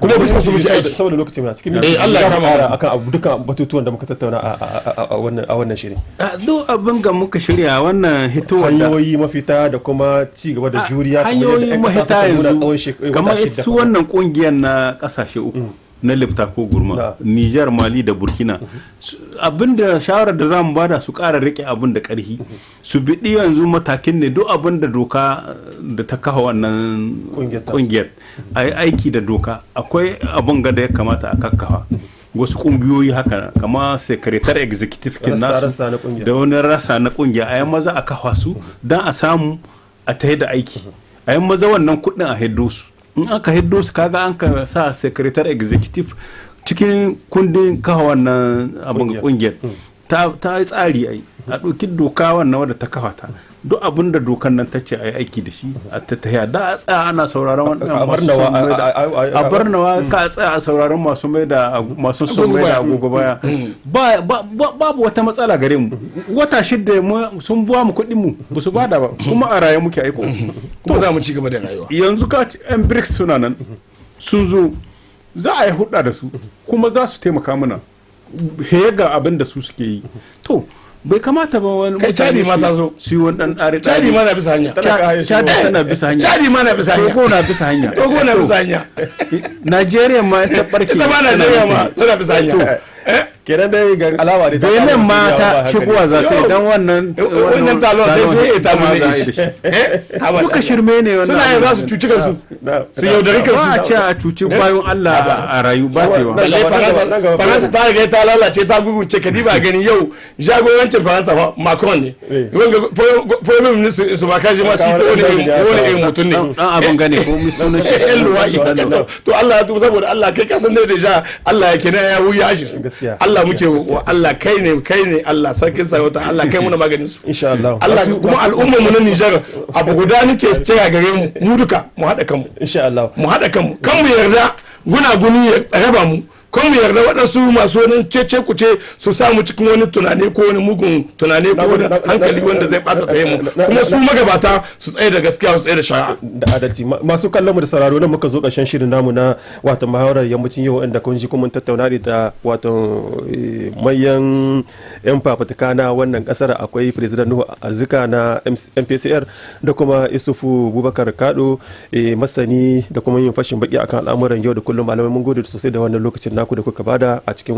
kuma bisa su muke aiki saboda lokaci muna cikin minti eh, Allah ya kama kara akan abu duka batutuwan da muka tattauna a wannan a wannan shirin duk abin ga muka shirya wannan hitowar da hanyoyi mafita da kuma ci gaba da juriya hanyoyi mafita yanzu kamar su wannan kungiyar na kasashe uku mm. na lifta ko gurma niger mali da burkina abinda shawarar da zamu bada su kara rike abin da karhi su biɗi yanzu matakin ne duk abin da doka da ta kawo wannan kungiyar a yi aiki da doka akwai abin da ya kamata a kakkawa wasu kungiyoyi haka kama sekretar executive kin nasu da wani rasa na kungiya a maza a kafa su dan a samu a ta da aiki a maza wannan kudin a heddo su in aka hiddo su kaga an ka sa secretary executive cikin kundin kawo wannan abin kungiyar hmm. ta yi tsari yi a ɗauki doka wannan wadda ta kafa ta duk abin da dokan nan ta ce a yi aiki da shi a ta tahiya da a tsaya ana sauraron wannan a barnawa mm. ka a tsaya a sauraron masu mai da masu son mai da agogo baya mm. babu wata matsala gare mu wata shidda sun buwa mu kuɗin mu ba su bada ba kuma a raye muke aiko mm. kuma za mu ci gaba da rayuwa yanzu ka ci yan brics suna nan sun zo za a yi hudda da su kuma za su taimaka mana hega abin da su suke yi to bai kamata ba wani kai cadi ma ta zo su wani dan dare cadi ma na bisa hanya cadi tana eh, bisa hanya chadi ma na bisa hanya togo na bisa hanya togo na bisa hanya nigeria ma ta barke ita ma nigeria ma tana bisa hanya kenan dai ga alawa da ta ma ta kuwa za ta idan wannan eh, wannan talo sai su yi talu ne eh, shi duka shirme ne wannan suna za su cuci kansu su yaudari kansu ba a ce a cuci bayan Allah a rayu ba ta yawa faransa ta riga ta lalace ta ce kadi ba gani yau jagorancin faransa ba macron ne eh. wanga problem ne su ba shi ne dan abun gane ko sunan shi to Allah ya saboda Allah kai ka san da deja Allah ya kenan ya wuya shi Allah muke wa Allah kai ne kai ne Allah sarkin sarauta Allah kai muna maganin su insha Allah Allah kuma al'umma mu na Nijar abu guda nake cewa gare mu mu duka mu hada kanmu insha Allah mu hada kanmu kanmu yarda guna guni ya raba mu kun mu yarda waɗansu masu wani cece ce su samu cikin wani tunani ko wani mugun tunani ko wani hankali wanda zai bata ta mu kuma su magabata su tsaye da gaskiya su tsaye da shari'a da adalci masu kallon mu da sauraro nan muka zo ƙarshen shirin namu na wato muhawarar yammacin yau inda kun ji kuma tattauna da wato eh, manyan yan fafatuka na wannan kasar akwai president Nuhu Arzika na MPCR da kuma Isufu Bubakar Kado eh, masani da kuma yin fashin baki akan al'amuran yau da kullum malamai mun gode sosai da wannan lokacin naku da kuka bada a cikin